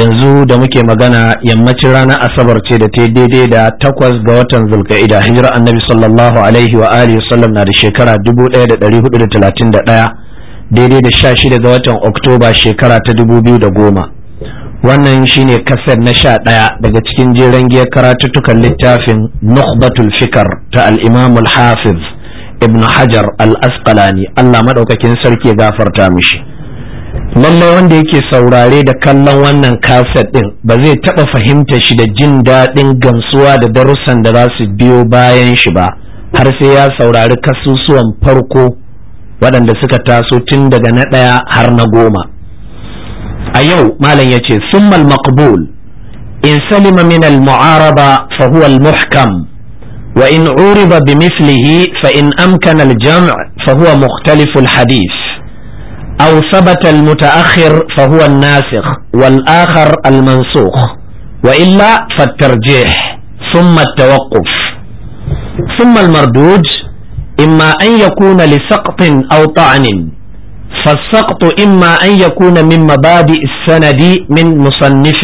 yanzu da muke magana yammacin ranar asabar ce da ta daidai da takwas ga watan zulka'ida hijira annabi sallallahu alaihi wa alihi sallam na da shekara 1431 daidai da 16 ga watan oktoba shekara ta 2010 wannan shine kasar na sha ɗaya daga cikin jeren giyar karatuttukan littafin nukhbatul fikar ta al-imam al-hafiz ibn hajar al-asqalani allah maɗaukakin sarki ya gafarta mishi lallai wanda yake saurare da kallon wannan kaset din ba zai taba fahimta shi da jin daɗin gamsuwa da darussan da za su biyo bayan shi ba har sai ya saurari kasusuwan farko waɗanda suka taso tun daga na ɗaya har na goma a yau malam ya ce summal maqbul in salima min al-mu'araba fa huwa al-muhkam wa in uriba bi mislihi fa in amkana al-jam' fa huwa mukhtalif al-hadith أو ثبت المتأخر فهو الناسخ والآخر المنسوخ وإلا فالترجيح ثم التوقف ثم المردوج إما أن يكون لسقط أو طعن فالسقط إما أن يكون من مبادئ السند من مصنف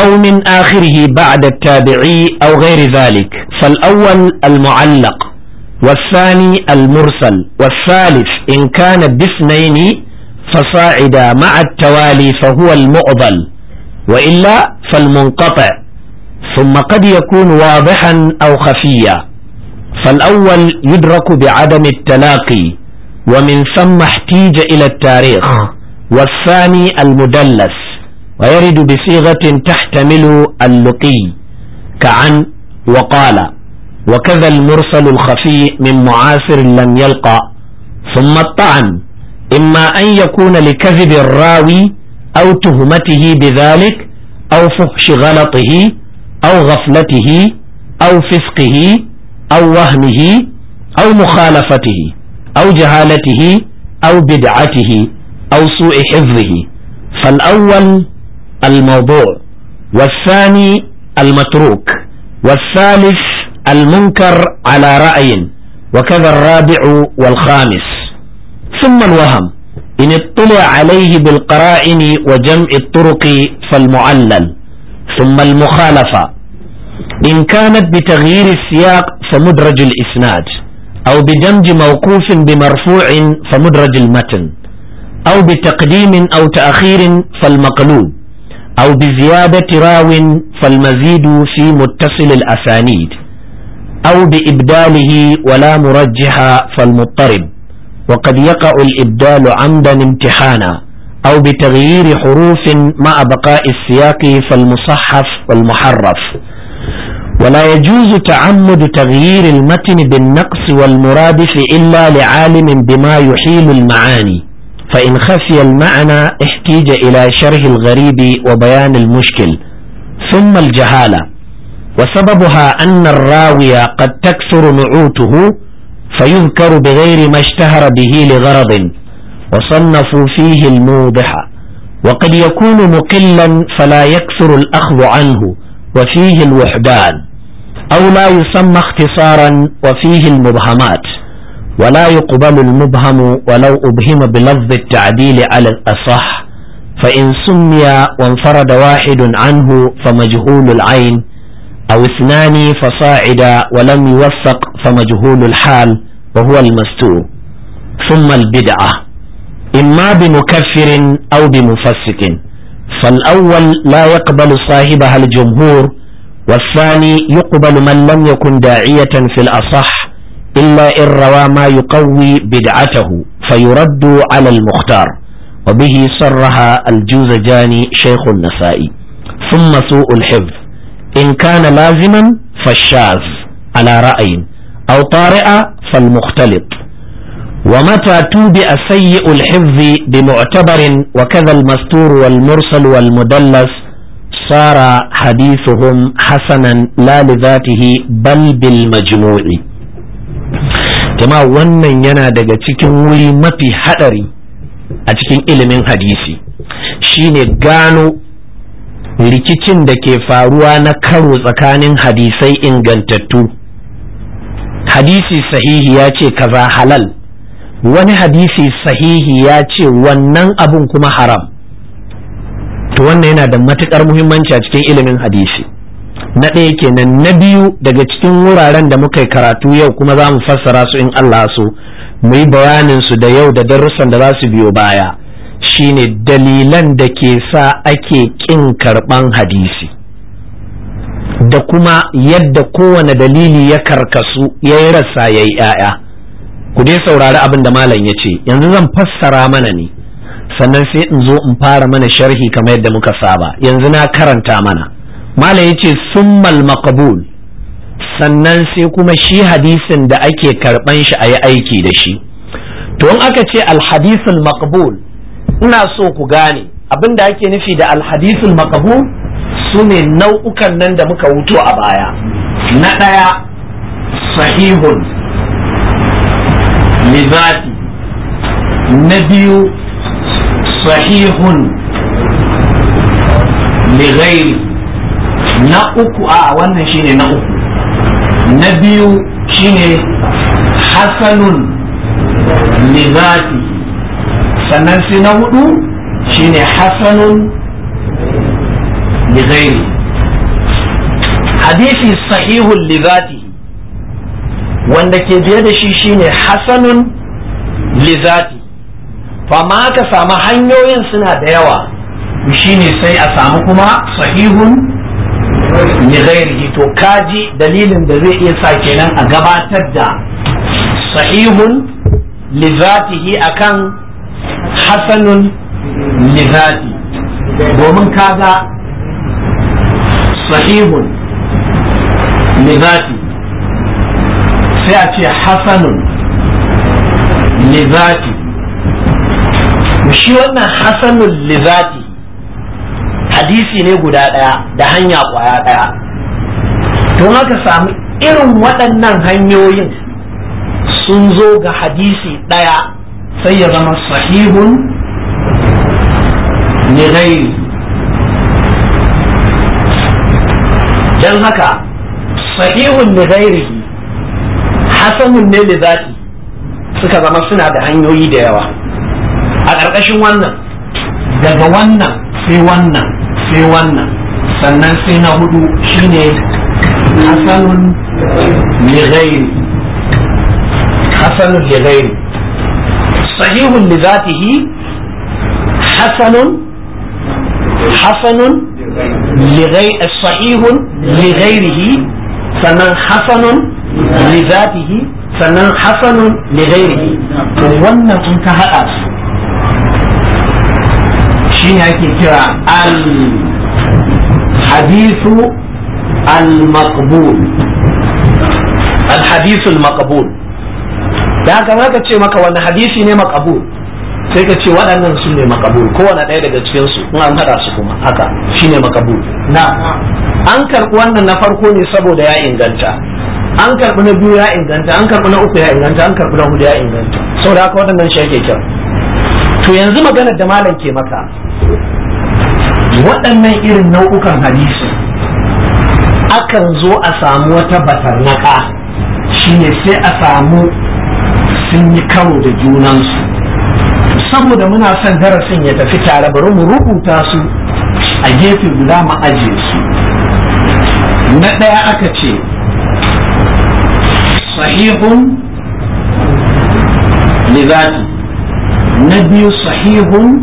أو من آخره بعد التابعي أو غير ذلك فالأول المعلق والثاني المرسل والثالث إن كان باثنين فصاعدا مع التوالي فهو المعضل وإلا فالمنقطع ثم قد يكون واضحا أو خفيا فالأول يدرك بعدم التلاقي ومن ثم احتيج إلى التاريخ آه. والثاني المدلس ويرد بصيغة تحتمل اللقي كعن وقال وكذا المرسل الخفي من معاصر لم يلقى ثم الطعن إما أن يكون لكذب الراوي أو تهمته بذلك أو فحش غلطه أو غفلته أو فسقه أو وهمه أو مخالفته أو جهالته أو بدعته أو سوء حفظه فالأول الموضوع والثاني المتروك والثالث المنكر على رأي وكذا الرابع والخامس ثم الوهم إن اطلع عليه بالقرائن وجمع الطرق فالمعلل ثم المخالفة إن كانت بتغيير السياق فمدرج الإسناد أو بدمج موقوف بمرفوع فمدرج المتن أو بتقديم أو تأخير فالمقلوب أو بزيادة راو فالمزيد في متصل الأسانيد أو بإبداله ولا مرجح فالمضطرب وقد يقع الإبدال عمدا امتحانا أو بتغيير حروف مع بقاء السياق فالمصحف والمحرف ولا يجوز تعمد تغيير المتن بالنقص والمرادف إلا لعالم بما يحيل المعاني فإن خفي المعنى احتيج إلى شرح الغريب وبيان المشكل ثم الجهالة وسببها أن الراوي قد تكثر نعوته فيذكر بغير ما اشتهر به لغرض وصنفوا فيه الموضح وقد يكون مقلا فلا يكثر الأخذ عنه وفيه الوحدان أو لا يسمى اختصارا وفيه المبهمات ولا يقبل المبهم ولو أبهم بلفظ التعديل على الأصح فإن سمي وانفرد واحد عنه فمجهول العين أو اثنان فصاعدا ولم يوفق فمجهول الحال وهو المستور ثم البدعة إما بمكفر أو بمفسق فالأول لا يقبل صاحبها الجمهور والثاني يقبل من لم يكن داعية في الأصح إلا إن روى ما يقوي بدعته فيرد على المختار وبه صرها الجوزجاني شيخ النسائي ثم سوء الحفظ in kana laziman fashaz ala ra'ayin aw tari'a fal wa mata tubi asayyi'u al-hifz bi mu'tabarin wa kadha al-mastur wal mursal wal mudallas sara hadithuhum hasanan la li dhatihi bal bil majmu'i jama'a wannan yana daga cikin wuri mafi hadari a cikin ilimin hadisi shine gano rikicin da ke faruwa na karo tsakanin hadisai ingantattu hadisi sahihi ya ce kaza halal wani hadisi sahihi ya ce wannan abun kuma haram to wannan yana da matukar muhimmanci a cikin ilimin hadisi na ɗaya kenan na biyu daga cikin wuraren da muka yi karatu yau kuma za mu fassara su in Allah su mu yi bayanin su da yau da darussan da za su biyo baya shine dalilan da ke sa ake ƙin karɓan hadisi da kuma yadda kowane dalili ya karkasu ya yi rasa ya yi ‘ya'ya ku dai saurari abin da malam ya ce yanzu zan fassara mana ne sannan sai in zo in fara mana sharhi kamar yadda muka saba yanzu na karanta mana malam ya ce summal makabul sannan sai kuma shi hadisin da ake karɓan shi a yi aiki da shi to in aka ce alhadisin makabul ina so ku gane abin da ake nufi da alhadisul makabu su ne nau'ukan nan da muka wuto a baya na ɗaya sahihun lizati na biyu sahihun lighairi na uku a wannan shine na uku na biyu shine hasanun lizati sannan sai na hudu shine hasanun Ligairi hadisi sahihun lizati wanda ke biye da shi shine hasanun lizati zati fa ka samu hanyoyin suna da yawa shine sai a samu kuma sahihun ligairi to kaji dalilin da zai iya sa kenan a gabatar da sahihun li zatihi akan hasanun lizati domin kaga sahihun lizati sai a ce hasanun lizati shi wannan hasanun lizati hadisi ne guda daya da hanya kwaya daya. don haka samu irin waɗannan hanyoyin sun zo ga hadisi daya. sai ya zama sahihun li dan haka sahihun li ghairi hasanun ne da zati suka zama suna da hanyoyi da yawa a ƙarƙashin wannan daga wannan sai wannan sai wannan sannan sai na hudu shine hasanun li hasanun li صحيح لذاته حسن حسن لغير صحيح لغيره فمن حسن لذاته فمن حسن لغيره وانه انتهى اس شيء كثير الحديث المقبول الحديث المقبول da haka ka ce maka wani hadisi ne makabul sai ka ce waɗannan su ne makabul kowane ɗaya daga cikin su in an haɗa su kuma haka shine makabul na an karɓi wannan na farko ne saboda ya inganta an karɓi na biyu ya inganta an karɓi na uku ya inganta an karɓi na hudu ya inganta saboda haka waɗannan shi yake kyau to yanzu maganar da malam ke maka waɗannan irin nau'ukan hadisi akan zo a samu wata batarnaka shine sai a samu sun yi karo da junansu saboda muna son darasin ya tafi tare bari mu rubuta su a gefe guda mu su na ɗaya aka ce sahihun lidati na biyu sahihun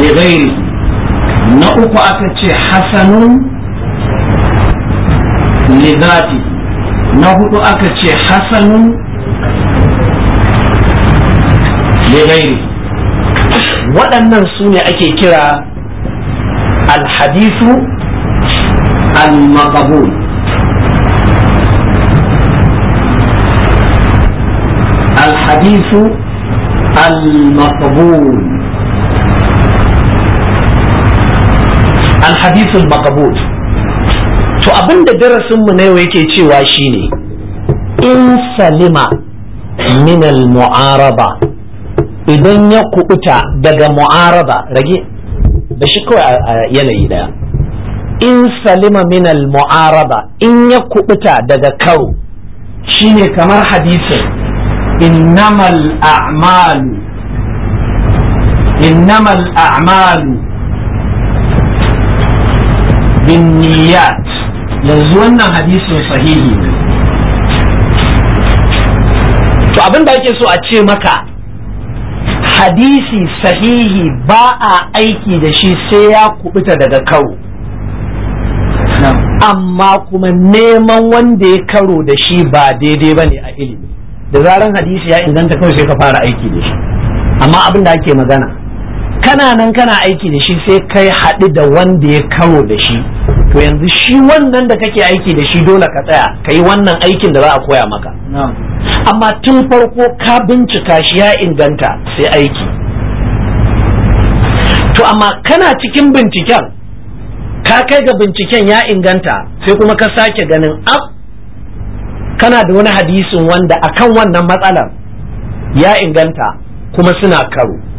ligairi na uku aka ce hasanun lidati na hudu aka ce hasanun ligairi waɗannan su ne ake kira alhadisu al-maqabul alhadisu al-maqabul alhadisu al-maqabul to abinda darasinmu na yau yake cewa shine in salima min al mu'araba idan ya kubuta daga mu'araba rage da shi kawai a yanayi daya in salima min al mu'araba in ya kubuta daga karo shine kamar hadisin innamal a'mal innamal a'mal binniyat yanzu wannan hadisin sahihi to abin da ake so a ce maka hadisi sahihi ba a aiki da shi sai ya kubuta daga karo amma kuma neman wanda ya karo da shi ba daidai ba ne a ilimi da zaran hadisi ya inganta kawai sai ka fara aiki da shi amma abin da ake magana kana nan kana aiki da shi sai kai haɗu da wanda ya karo da shi to yanzu shi wannan da kake aiki da shi dole ka tsaya ka yi wannan aikin da za a koya maka amma tun farko ka bincika shi ya inganta sai aiki to amma kana cikin binciken ka kai ga binciken ya inganta sai kuma ka sake ganin ab kana da wani hadisin wanda akan wannan matsalar ya inganta kuma suna karo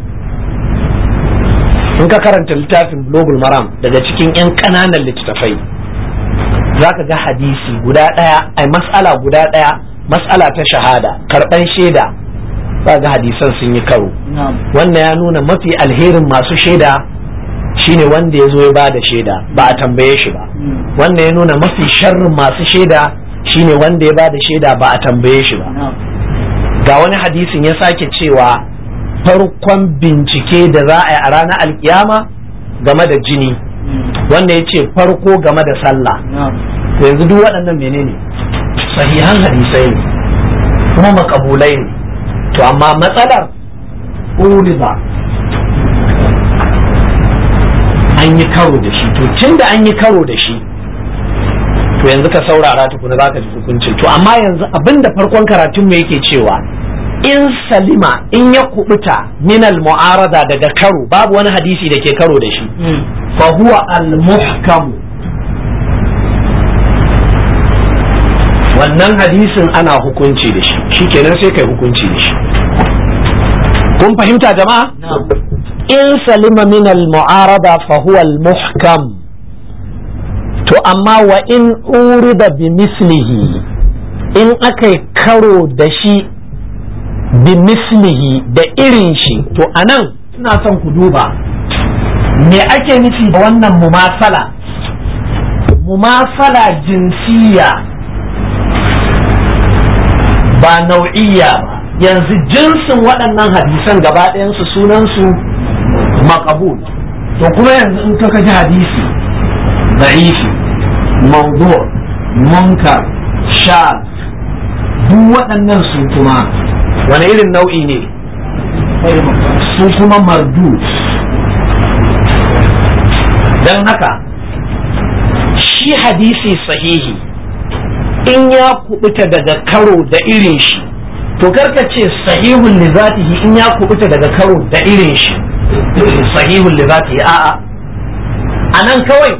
in ka karanta littafin global maram daga cikin 'yan kananan littattafai za ka ga hadisi guda ɗaya a matsala guda ɗaya matsala ta shahada karɓan shaida za ga hadisan sun yi karo wannan ya nuna mafi alherin masu shaida shine wanda ya zo ya bada shaida ba a tambaye shi ba hmm. wannan ya nuna mafi sharrin masu shaida shine wanda ya bada shaida ba a tambaye shi ba ga wani hadisin ya sake cewa farkon bincike da za a yi a ranar alkiyama game da jini wanda ya ce farko game da sallah yanzu duk waɗannan menene sahihan hadisai ne kuma makabulai ne to amma matsalar uriza an yi karo da shi to tun da an yi karo da shi to yanzu ka saurara tukuna za ka ji hukuncin to amma yanzu abinda farkon karatun mu yake cewa in salima in ya kubuta minal mu'arada daga karo babu wani hadisi da ke karo da shi hmm. fa huwa al-muhkamu wannan hadisin ana hukunci da shi shikenan sai kai hukunci da shi kun fahimta jama'a in salima minal mu'arada fa huwa al-muhkam to amma wa in urida bi mislihi in aka karo da shi bi mislihi da irin shi to anan ina son ku duba me ake nufi da wannan mumasala mumasala jinsiya ba nau'iyya ba yanzu jinsin waɗannan hadisan gaba ɗayansu sunansu makabul to kuma yanzu in ka kaji hadisi da'ifi mawdu munkar sha duk waɗannan su kuma wani irin nau'i ne su kuma mardu don haka shi hadisi sahihi in ya kubuta daga karo da irin shi to karka ce sahihun lizatihi in ya kubuta daga karo da irin shi sahihun lizatihi a'a a nan kawai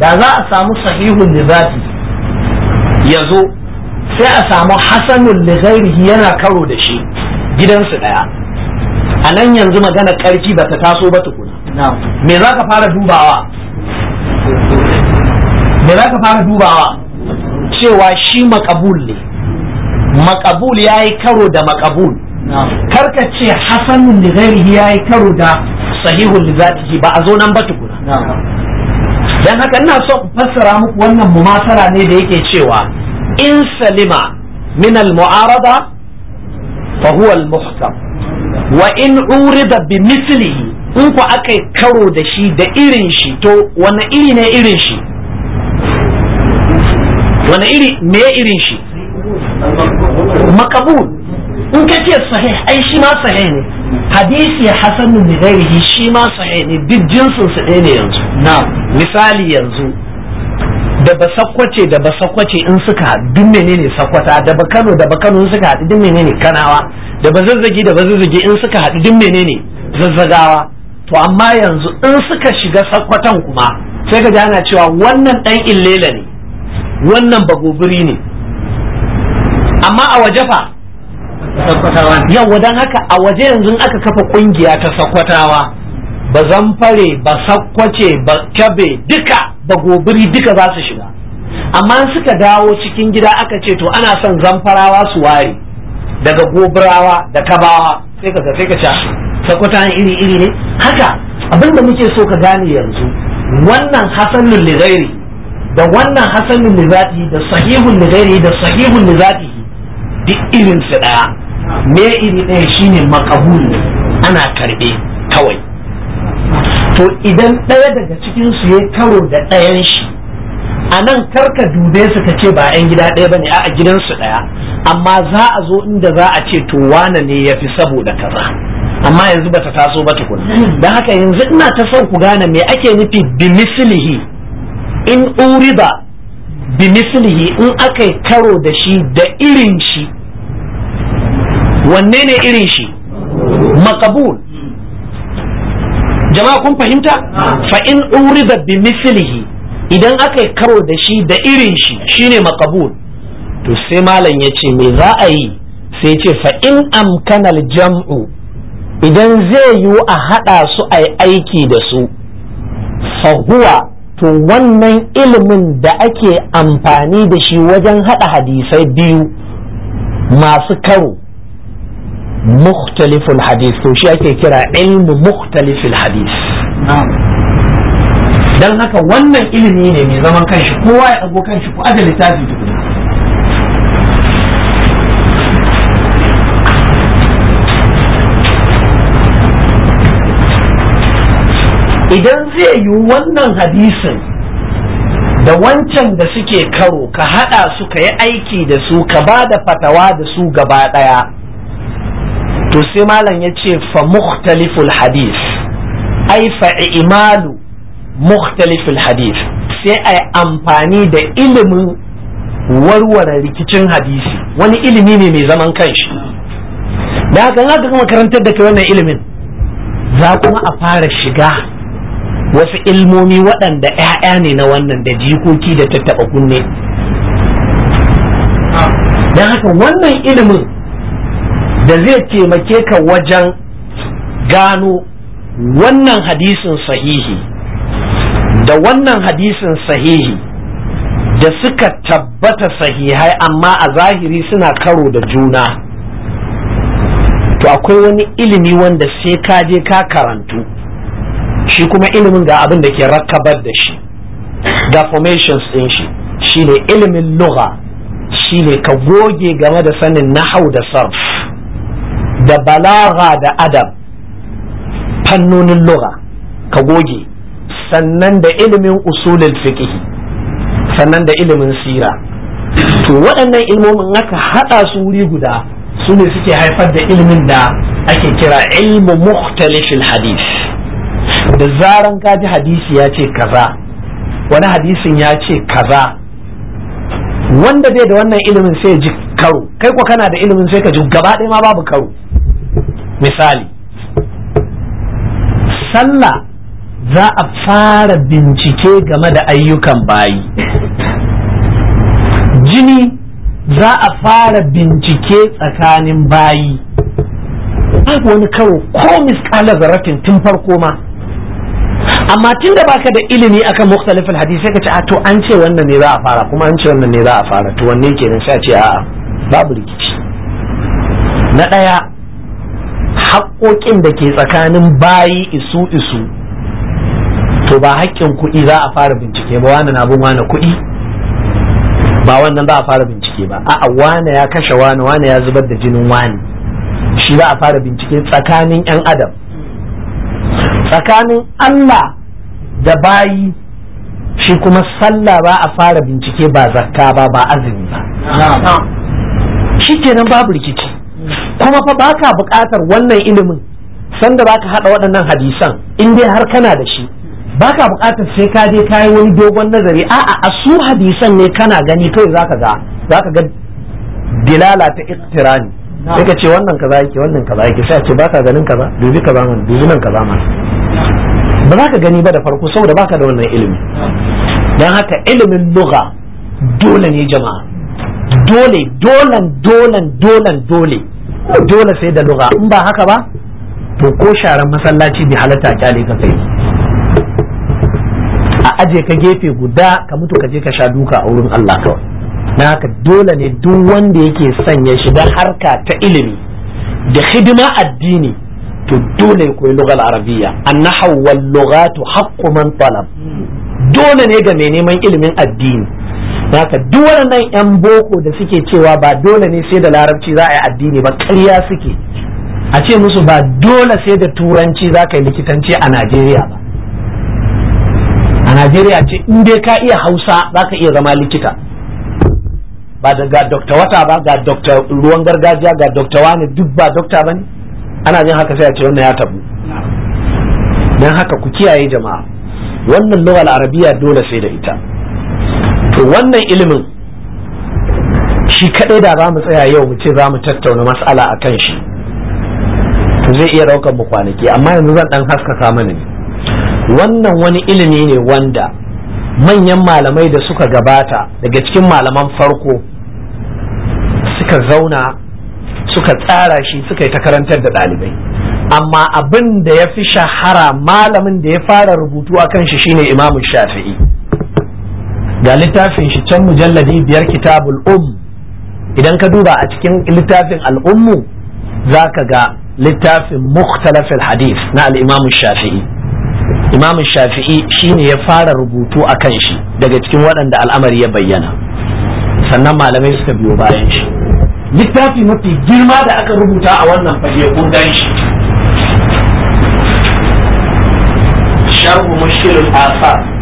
da za a samu sahihun lizatihi ya zo sai a samu hasanun lighairihi yana karo da shi gidansu daya Anan yanzu magana karfi ba ta taso ba tukuna me za ka fara dubawa me za ka fara dubawa cewa shi makabul ne makabul ya yi karo da makabul karka ce hasanul lighairihi ya yi karo da sahihun lizatihi ba a zo nan ba tukuna dan haka ina so fassara muku wannan mumasara ne da yake cewa in salima min al-mu'arada fa huwa al-muhkam wa in urida bi mislihi in ku akai karo da shi da irin shi to wani iri ne irin shi wani iri me irin shi makabul in ka ce sahih ai shi ma sahih ne hadisi hasanun da shi ma sahih ne duk jinsin su ɗaya ne yanzu na misali yanzu da ba sakwace da ba sakwace in suka duk menene sakwata da ba kano da ba kano in suka haɗu duk menene kanawa da ba zazzagi da ba zazzagi in suka haɗu duk menene zazzagawa to amma yanzu in suka shiga sakwatan kuma sai ka ana cewa wannan ɗan illela ne wannan bagobiri ne amma a waje fa yawa don haka a waje yanzu aka kafa ƙungiya ta sakwatawa ba zamfare ba sakwace ba kyabe duka ba gobiri duka za su shiga amma suka dawo cikin gida aka ce to ana son zamfarawa su ware daga gobirawa da kabawa sai ka sai ka ah, sakwata iri iri ne haka abin da muke so ka gane yanzu wannan hasanul lighairi da wannan hasanul lizati da sahihul lighairi da sahihul lizati duk irin su daya me iri ɗaya shine makabul ana karbe kawai to idan ɗaya daga cikin su ya karo da ɗayan shi a nan karka dube su ka ce ba 'yan gida ɗaya ba ne a gidansu ɗaya amma za a zo inda za a ce to wane ne ya fi saboda kaza amma yanzu bata taso ba tukun don haka yanzu ina ta son ku gane me ake nufi bimislihi in uriba bimislihi in aka karo da shi da irin shi wanne ne irin shi makabul jama'a kun fahimta fa in urida bi mislihi idan aka yi karo da shi da irin shi shine makabul to sai malam yace ce me za a yi sai ce fa in amkanal jam'u idan zai yiwu a haɗa su ai aiki da su fa huwa to wannan ilimin da ake amfani da shi wajen haɗa hadisai biyu masu karo مختلف الحديث تو شي ake kira ilmu مختلف الحديث dan haka wannan ilimi ne mai zaman kanshi kowa ya dago kanshi ko aje littafi tukuna idan zai yi wannan hadisin da wancan da suke karo ka hada su ka yi aiki da su ka ba da fatawa da su gaba daya to sai malam ya ce fa muhtaliful hadis ai fa imalu mukhtaliful hadis sai ai amfani da ilimin warware rikicin hadisi wani ilimi ne mai zaman kanshi da haka za ka makarantar da kai wannan ilimin za kuma a fara shiga wasu ilmomi waɗanda 'ya'ya ne na wannan da jikoki da tattaɓa kunne don haka wannan ilimin da zai taimake ka wajen gano wannan hadisin sahihi da wannan hadisin sahihi da suka tabbata sahihai amma a zahiri suna karo da juna to akwai wani ilimi wanda sai ka je ka karantu shi kuma ilimin ga abin da ke rakabar da shi ga formations ɗin shi shi ne ilimin shi ne ka goge game da sanin nahau da sarf da balaga da adab fannonin lura ka goge sannan da ilimin usulul fiqh sannan da ilimin sira to waɗannan ilmomin aka haɗa su wuri guda su ne suke haifar da ilimin da ake kira ilmu mukhtalifil hadith da zaran kaji hadisi ya ce kaza wani hadisin ya ce kaza wanda bai da wannan ilimin sai ya ji karo kai ko kana da ilimin sai ka ji gaba ɗaya ma babu karo misali sallah za a fara bincike game da ayyukan bayi jini za a fara bincike tsakanin bayi babu wani karo ko miskalar zarafin tun farko ma amma tun da baka da ilimi akan mukhtalifin hadisi sai ka ce a ah, to an ce wannan ne za a fara kuma an ce wannan ne za a fara to wanne kenan sai a ce a'a babu rikici na ɗaya haƙoƙin da ke tsakanin bayi isu isu to ba haƙƙin kuɗi za a fara bincike ba wani na bin wani kuɗi ba wannan za a fara bincike ba a'a wani ya kashe wani wani ya zubar da jinin wani shi za a fara bincike tsakanin 'yan adam tsakanin Allah da bayi shi kuma sallah ba a fara bincike ba zakka ba ba azumi ba kenan babu rikici kuma fa baka buƙatar wannan ilimin sanda baka haɗa waɗannan hadisan in dai har kana da shi baka buƙatar sai ka je kayi wani dogon nazari a'a a su hadisan ne kana gani za zaka ga zaka ga dilala ta iktirani sai ka ce wannan kaza yake wannan kaza yake sai a ce baka ganin kaza dubi kaza man dubi nan kaza man ba za ka gani ba da farko saboda baka da wannan ilimi don haka ilimin lugha dole ne jama'a dole dolan dolan dolan dole ko dole sai da luga in ba haka ba to ko sharan masallaci bi halatta kyale ka kai a aje ka gefe guda ka mutu ka je ka sha duka a wurin Allah kawai na haka dole ne duk wanda yake sanya shiga harka ta ilimi da hidima addini to dole ya koyi lugal arabiya annahu wal lughatu haqqu man talab dole ne ga mai neman ilimin addini da haka duk waɗannan 'yan boko da suke cewa ba dole ne sai da larabci za a yi addini ba ƙarya suke a ce musu ba dole sai da turanci za ka yi likitanci a najeriya ba a najeriya ce in dai ka iya hausa za ka iya zama likita ba da ga dokta wata ba ga dokta ruwan gargajiya ga dokta wani duk ba dokta ba ne ana jin haka sai a ce wannan ya tabu don haka ku kiyaye jama'a wannan lugal arabiya dole sai da ita to wannan ilimin shi kadai da za mu tsaya yau mu ce za mu tattauna mas'ala a kan shi zai iya daukar mu kwanaki amma yanzu zan dan haskaka mana ne wannan wani ilimi ne wanda manyan malamai da suka gabata daga cikin malaman farko suka zauna suka tsara shi suka yi ta karantar da ɗalibai amma abin da ya fi shahara malamin da ya fara rubutu a kan shi shine imamu shafi'i ga littafin shi can mujalladi biyar kitabul um idan ka duba a cikin littafin al'ummu za ka ga littafin mukhtalafil hadith na al'imamu shafi'i imamu shafi'i shi ne ya fara rubutu a kan shi daga cikin waɗanda al'amari ya bayyana sannan malamai suka biyo bayan shi littafi mafi girma da aka rubuta a wannan fage kun gan shi sharhu mushkilul asar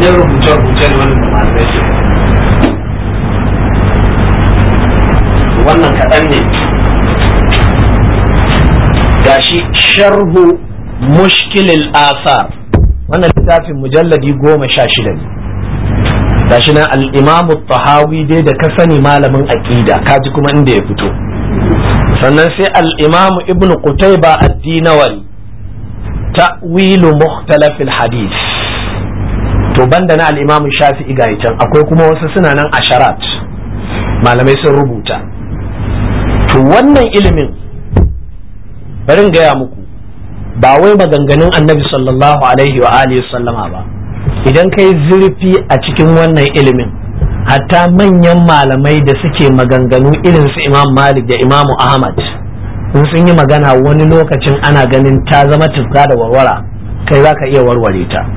ɗin rubuce-rubuce ne wani malamai wannan kaɗan ne shi sharhu mushkilil asar wannan littafin mujalladi goma sha shida ne shi na al'imamu tahawi dai da ka sani malamin aƙida kaji kuma kuma inda ya fito sannan sai al'imamu ibn qutayba addinawari ta'wilu mukhtalafil hadith to banda na al-Imam Shafi'i ga can akwai kuma wasu suna nan asharat malamai sun rubuta to wannan ilimin bari gaya muku ba wai maganganun annabi sallallahu alaihi wa alihi sallama ba idan kai zurfi a cikin wannan ilimin hatta manyan malamai da suke maganganu irin su imam malik da imam ahmad in sun yi magana wani lokacin ana ganin ta zama tufka da warwara kai za ka iya warware ta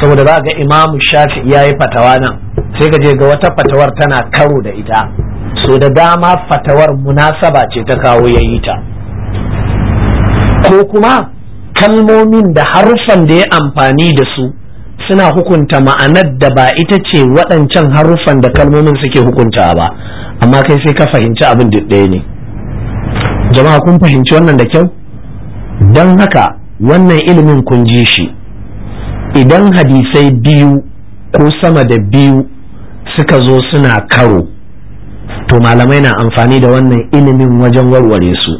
saboda za ga imamu shafi ya yi fatawa nan sai ka je ga wata fatawar tana karo da ita so da dama fatawar munasaba ce ta kawo ya yi ta ko kuma kalmomin da haruffan da ya amfani da su suna hukunta ma'anar da ba ita ce waɗancan haruffan da kalmomin suke hukunta ba amma kai sai ka fahimci abin da ɗaya ne jama'a kun fahimci wannan da kyau don haka wannan ilimin kun ji shi idan hadisai biyu ko sama da biyu suka zo suna karo to malamai na amfani da wannan ilimin wajen warware su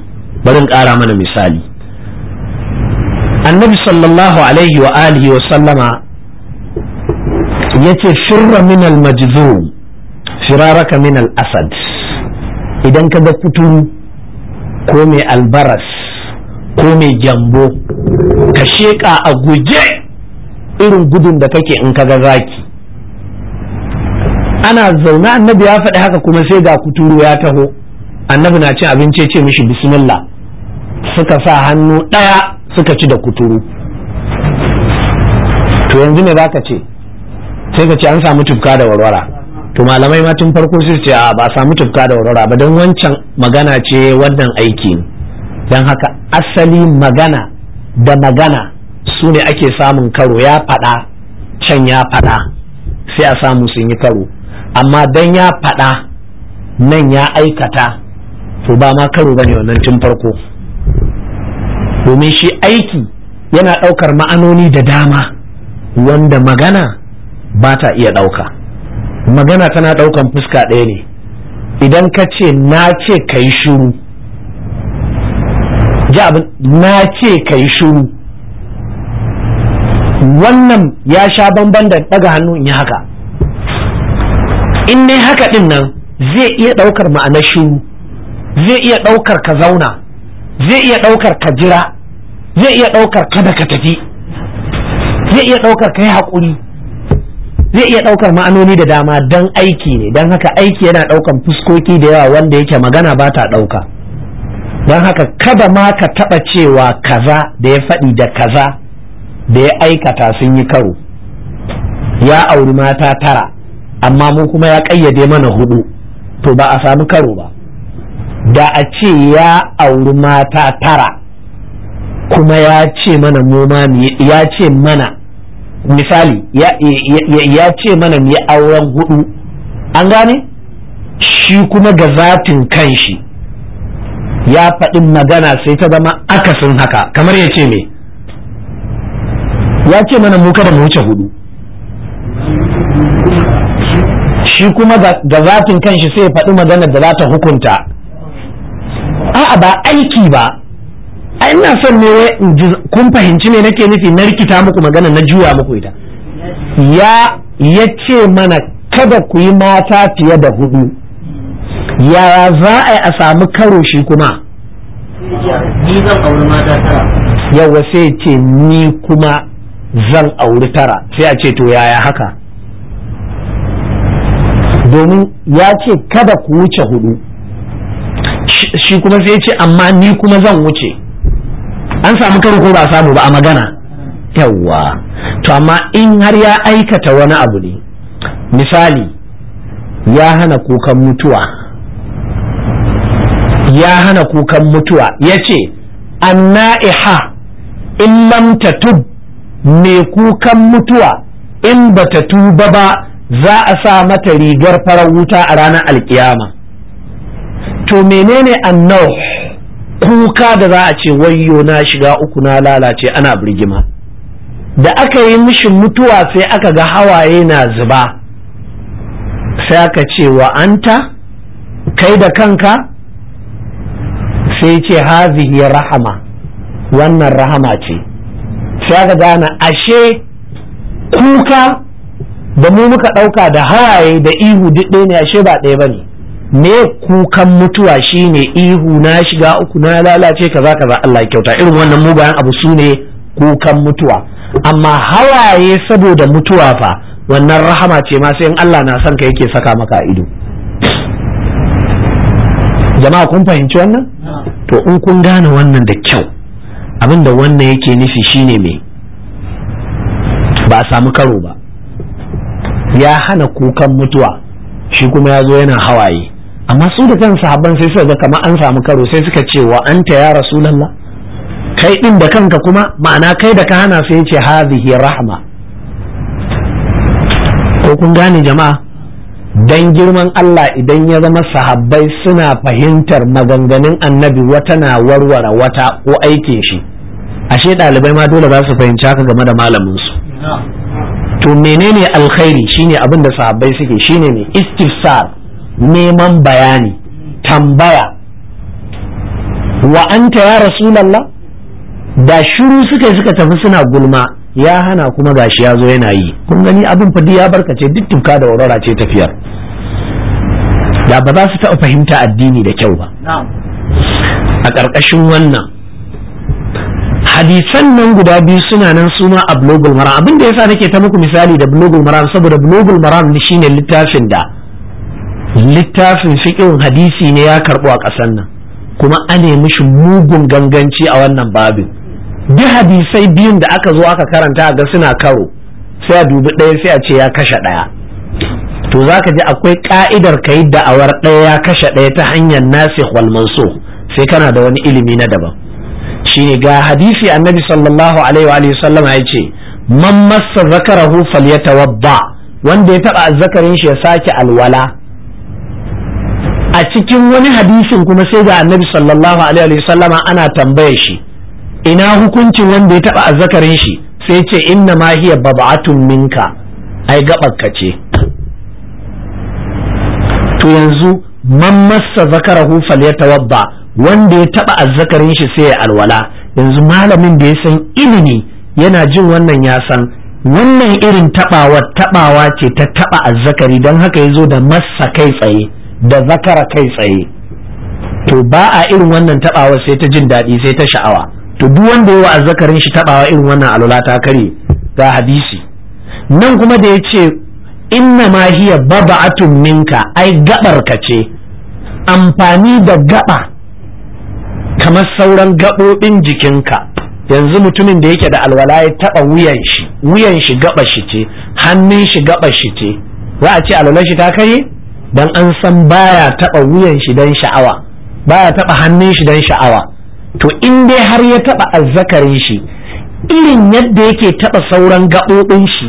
barin ƙara mana misali annabi sallallahu alaihi wa alihi wa sallama ya ce firra min al-majzum firaraka min al-asad idan ka ga kuturu ko mai albaras ko mai jambo ka sheƙa a guje irin gudun da kake in ka ga zaki ana zaune annabi ya faɗi haka kuma sai ga kuturu ya taho annabi na cin abinci ce mishi bismillah suka sa hannu ɗaya suka ci da kuturu to yanzu ne za ce sai ka ce an samu tufka da warwara to malamai ma tun farko su ce a ba a samu tufka da warwara ba don wancan magana ce wannan aiki don haka asali magana da magana su ne ake samun karo ya faɗa can ya faɗa sai a samu sun yi karo amma dan ya faɗa nan ya aikata to ba ma karo bane wannan tun farko domin shi aiki yana ɗaukar ma'anoni da dama wanda magana ba ta iya ɗauka magana tana ɗaukan fuska ɗaya ne idan ka ce na ce ka yi shuru na ce ka yi shuru wannan ya sha bamban da daga hannu in yi haka in dai haka din nan zai iya ɗaukar ma'anar shiru zai iya ɗaukar ka zauna zai iya ɗaukar ka jira zai iya ɗaukar kada ka tafi zai iya ɗaukar ka yi haƙuri zai iya ɗaukar ma'anoni da dama don aiki ne don haka aiki yana ɗaukar fuskoki da yawa wanda yake magana ba ta ɗauka don haka kada ma ka taɓa cewa kaza da ya faɗi da kaza da ya aikata sun yi karo ya auri mata tara amma mu kuma ya ƙayyade mana hudu to ba a samu karo ba da a ce ya auri mata tara kuma ya ce mana noma ya ce mana misali ya ce mana mu auren hudu an gane shi kuma ga zatin kanshi ya faɗin magana sai ta zama akasin haka kamar ya ce me ya ce mana mu kada mu wuce hudu shi kuma da zatin kanshi sai ya faɗi magana da za ta hukunta a'a ba aiki ba ina son ne kun fahimci ne nake nufi na rikita muku magana na juya muku ita ya ya ce mana kada ku yi mata fiye da hudu ya za a yi a samu karo shi kuma yawa sai ce ni kuma zan auri tara sai a ce to yaya haka domin ya ce kada ku wuce hudu shi kuma sai ce amma ni kuma zan wuce an samu karo ko ba samu ba a magana yawwa to amma in har ya aikata wani abu ne misali ya hana kukan mutuwa ya hana kukan mutuwa ya ce na'iha in lam tub. mai kukan mutuwa in ba ta tuba ba za a sa mata rigar farar wuta a ranar alkiyama to menene annau kuka da za a ce wayyo na shiga uku na lalace ana birgima da aka yi mishi mutuwa sai aka ga hawaye na zuba sai aka ce wa anta kai da kanka sai ce hazihi rahama wannan rahama ce sai aka gane ashe kuka da mu muka ɗauka da hawaye da ihu duk ɗaya ne ashe ba ɗaya bane me kukan mutuwa shine ihu na shiga uku na lalace kaza kaza Allah kyauta irin wannan mu bayan abu sune kukan mutuwa amma hawaye saboda mutuwa fa wannan rahama ce ma sai in Allah na son ka yake saka maka ido jama'a kun fahimci wannan to in kun gane wannan da kyau Abin da wannan yake nufi shine me ba a samu karo ba ya hana kukan mutuwa shi kuma ya zo yana hawaye amma su da kan sahabban sai suka ga kamar an samu karo sai suka ce wa anta ya rasulullah kai din da kanka kuma ma'ana kai da ka hana sai yace ce hadhihi rahma ko kun gane jama'a dan girman Allah idan ya zama sahabbai suna fahimtar maganganun annabi wata na warware wata ko aikin shi ashe ɗalibai ma dole za su fahimci haka game da malaminsu to menene alkhairi shine abin da sahabbai suke shine ne istifsar neman bayani tambaya wa anta ya rasulallah da shiru suka suka tafi suna gulma ya hana kuma gashi ya zo yana yi kun gani abin fadi ya barkace duk tuka da aurora ce tafiyar da ba za su taɓa fahimta addini da kyau ba a ƙarƙashin wannan hadisan nan guda biyu suna nan suna a blogul maram abin da yasa nake ta muku misali da blogul maram saboda blogul maram shine littafin da littafin fiƙin hadisi ne ya karɓo a ƙasar nan kuma a nemi shi mugun ganganci a wannan babin duk hadisai biyun da aka zo aka karanta ga suna karo sai a dubi ɗaya sai a ce ya kashe ɗaya to za ka ji akwai ka'idar ka yi da'awar ɗaya ya kashe ɗaya ta hanyar nasi wal sai kana da wani ilimi na daban shine ga hadisi annabi sallallahu alaihi wa sallam ya ce man massa zakarahu falyatawadda wanda ya taɓa azzakarin shi ya sake alwala a cikin wani hadisin kuma sai ga annabi sallallahu alaihi wa sallama ana tambayar shi ina hukuncin wanda ya taba azzakarin shi sai ce inna ma hiya bab'atun minka ai gabarka ce to yanzu man massa zakarahu yatawabba wanda ya taba azzakarin shi sai ya alwala yanzu malamin da ya san ilimi yana jin wannan ya san wannan irin tabawa tabawa ce ta taba azzakari dan haka yazo da massa kai tsaye da zakara kai tsaye to ba a irin wannan tabawa sai ta jin daɗi sai ta sha'awa to duk wanda ya wa azzakarin shi tabawa irin wannan alwala ta kare ga hadisi nan kuma da ya ce inna ma hiya baba'atun minka ai gabar ka ce amfani da gaba kamar sauran gabobin jikinka yanzu mutumin da yake da alwala ya taba wuyan shi wuyan shi gaba shi ce hannun shi gaba shi ce za a ce alwalar shi ta kare dan an san baya taba wuyan shi dan sha'awa baya taba hannun shi dan sha'awa to in dai har ya taɓa azzakarin shi irin yadda yake taɓa sauran gaɓoɓin shi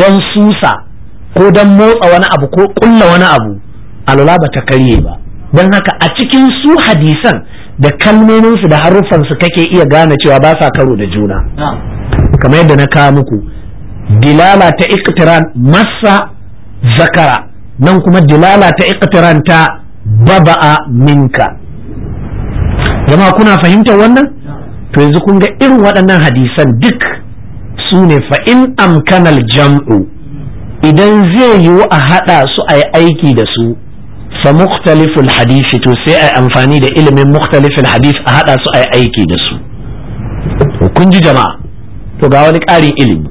don susa ko don motsa wani abu ko ƙulla wani abu alwala ba ta karye ba don haka a cikin su hadisan da kalmominsu da haruffansu kake iya gane cewa ba sa karo da juna kamar yadda na kawo muku dilala ta iktiran massa zakara nan kuma dilala ta iktiran ta baba'a minka jama'a kuna fahimtar wannan to yanzu kun ga irin waɗannan hadisan duk su ne fa'in amkanal jam'u idan zai yiwu a haɗa su a yi aiki da su fa muktaliful hadisi to sai a yi amfani da ilimin muktaliful hadisi a haɗa su a yi aiki da su kun ji jama'a to ga wani ƙarin ilimi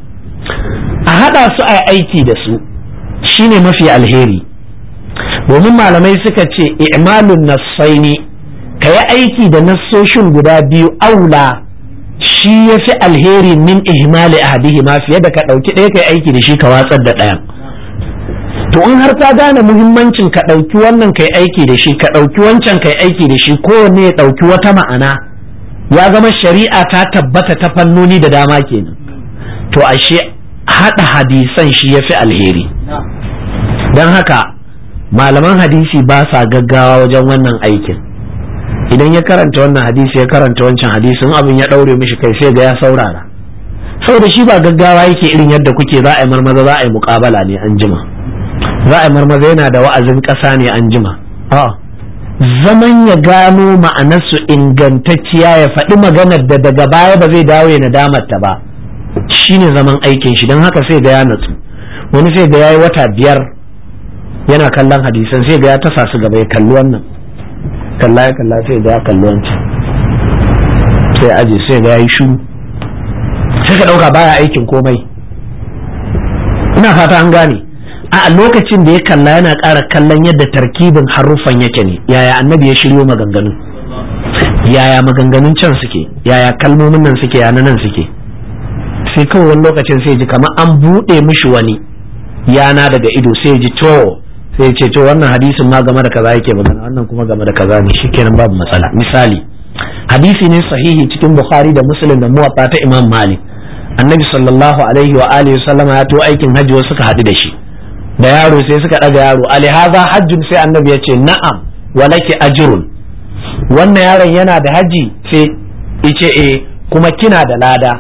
a haɗa su a yi aiki da su shine mafi alheri domin malamai suka ce i'malun nassaini ka yi aiki da nassoshin guda biyu aula shi ya fi alheri min ihimali hadihi ma fiye da ka ɗauki ɗaya ka yi aiki da shi ka watsar da ɗayan to in har ta gane muhimmancin ka ɗauki wannan ka yi aiki da shi ka ɗauki wancan ka yi aiki da shi kowanne ya ɗauki wata ma'ana ya zama shari'a ta tabbata ta fannoni da dama kenan to ashe haɗa hadisan shi ya fi alheri don haka malaman hadisi ba sa gaggawa wajen wannan aikin idan ya karanta wannan hadisi ya karanta wancan hadisin abin ya ɗaure mishi kai sai ga ya saurara saboda shi ba gaggawa yake irin yadda kuke za a yi marmaza za a yi mukabala ne an jima za a yi marmaza yana da wa'azin ƙasa ne an jima ah. zaman ya gano ma'anarsu ingantacciya ya faɗi maganar da daga baya ba zai dawo ya nadamar ta ba shine zaman aikin shi don haka sai ga ya natsu wani sai ga ya yi wata biyar yana kallon hadisan sai ga ya tasa su gaba ya kalli wannan kalla ya kalla sai ga kalli wancan sai aje sai ga yayi shiru sai ka dauka baya aikin komai ina fata an gane a lokacin da ya kalla yana ƙara kallon yadda tarkibin haruffan yake ne yaya annabi ya shiryo maganganu yaya maganganun can suke yaya kalmomin nan suke yana nan suke sai kawai wani lokacin sai ji kamar an buɗe mishi wani yana daga ido sai ji to sai ce to wannan hadisin ma game da kaza yake magana wannan kuma game da kaza ne shikenan babu matsala misali hadisi ne sahihi cikin bukhari da muslim da muwatta ta imam malik annabi sallallahu alaihi wa alihi sallama ya to aikin hajji wasu suka hadu da shi da yaro sai suka ɗaga yaro alihaza hajjun sai annabi ya ce na'am walaki ajrun wannan yaron yana da haji sai ice eh kuma kina da lada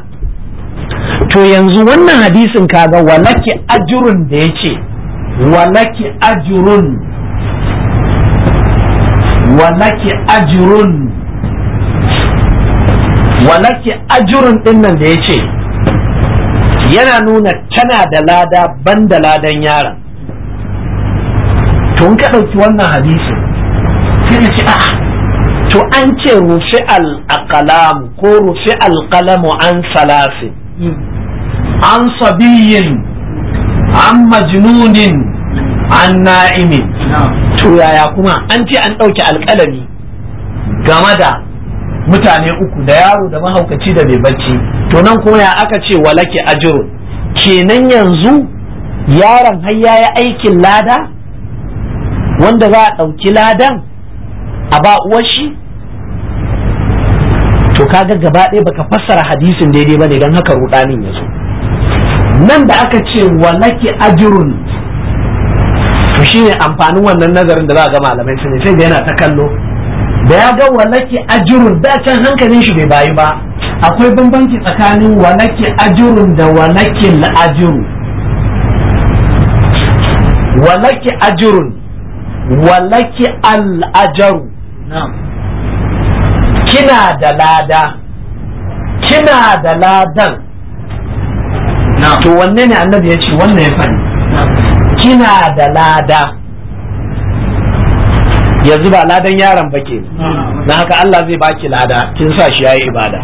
to yanzu wannan hadisin kaga walaki ajrun da yace walaki ajrun walaki ajrun nan da yace yana nuna tana da lada ban da ladan yaron tun ka ɗauki wannan hadisi sai na ce to an ce rufi al'akalam ko rufi alƙalamu an salasin an sabiyin an majnunin an na'imi to yaya kuma an ce an ɗauki alƙalami game da mutane uku da yaro da mahaukaci da mai bacci to nan kuma ya aka ce walake ajirun kenan yanzu yaron har ya yi aikin lada wanda za a ɗauki ladan a ba uwashi to kaga gaba ɗaya baka fassara hadisin daidai ba ne don haka ruɗanin ya zo nan da aka ce wa laki ajrun to shine amfanin wannan nazarin da za ga malamai ne sai da yana ta kallo da ya ga walaki ajrun da can hankalin shi bai bayi ba akwai bambanci tsakanin walaki ajrun da walaki laki walaki ajrun walaki al'ajaru kina da lada kina da ladan to wanne ne annabi ya ce wannan ya fani kina da lada yanzu ba ladan yaron ba ke na haka Allah zai baki lada kin sa shi yayi ibada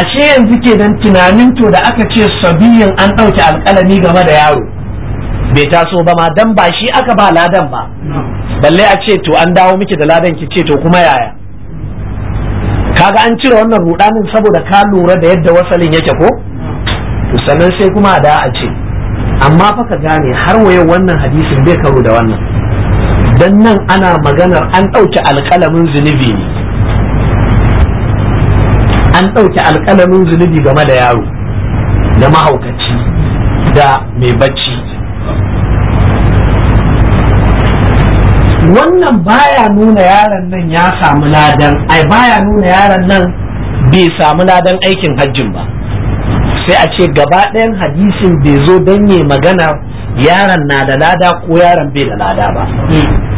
ashe yanzu ke dan tunanin to da aka ce sabiyin an ɗauke alƙalami game da yaro bai taso ba ma dan ba shi aka ba ladan ba balle a ce to an dawo miki da ladan ki ce to kuma yaya kaga an cire wannan rudanin saboda ka lura da yadda wasalin yake ko sannan sai kuma da a ce amma fa ka gane har waye wannan hadisin bai karo da wannan dan nan ana maganar an ɗauki alƙalamin zunubi ne an ɗauki alƙalamin zunubi game da yaro da mahaukaci da mai bacci wannan baya nuna yaron nan ya samu ladan ai baya nuna yaron nan bai samu ladan aikin hajjin ba sai a ce gaba ɗayan hadisin bai zo don yi magana yaron na da lada ko yaron bai da lada ba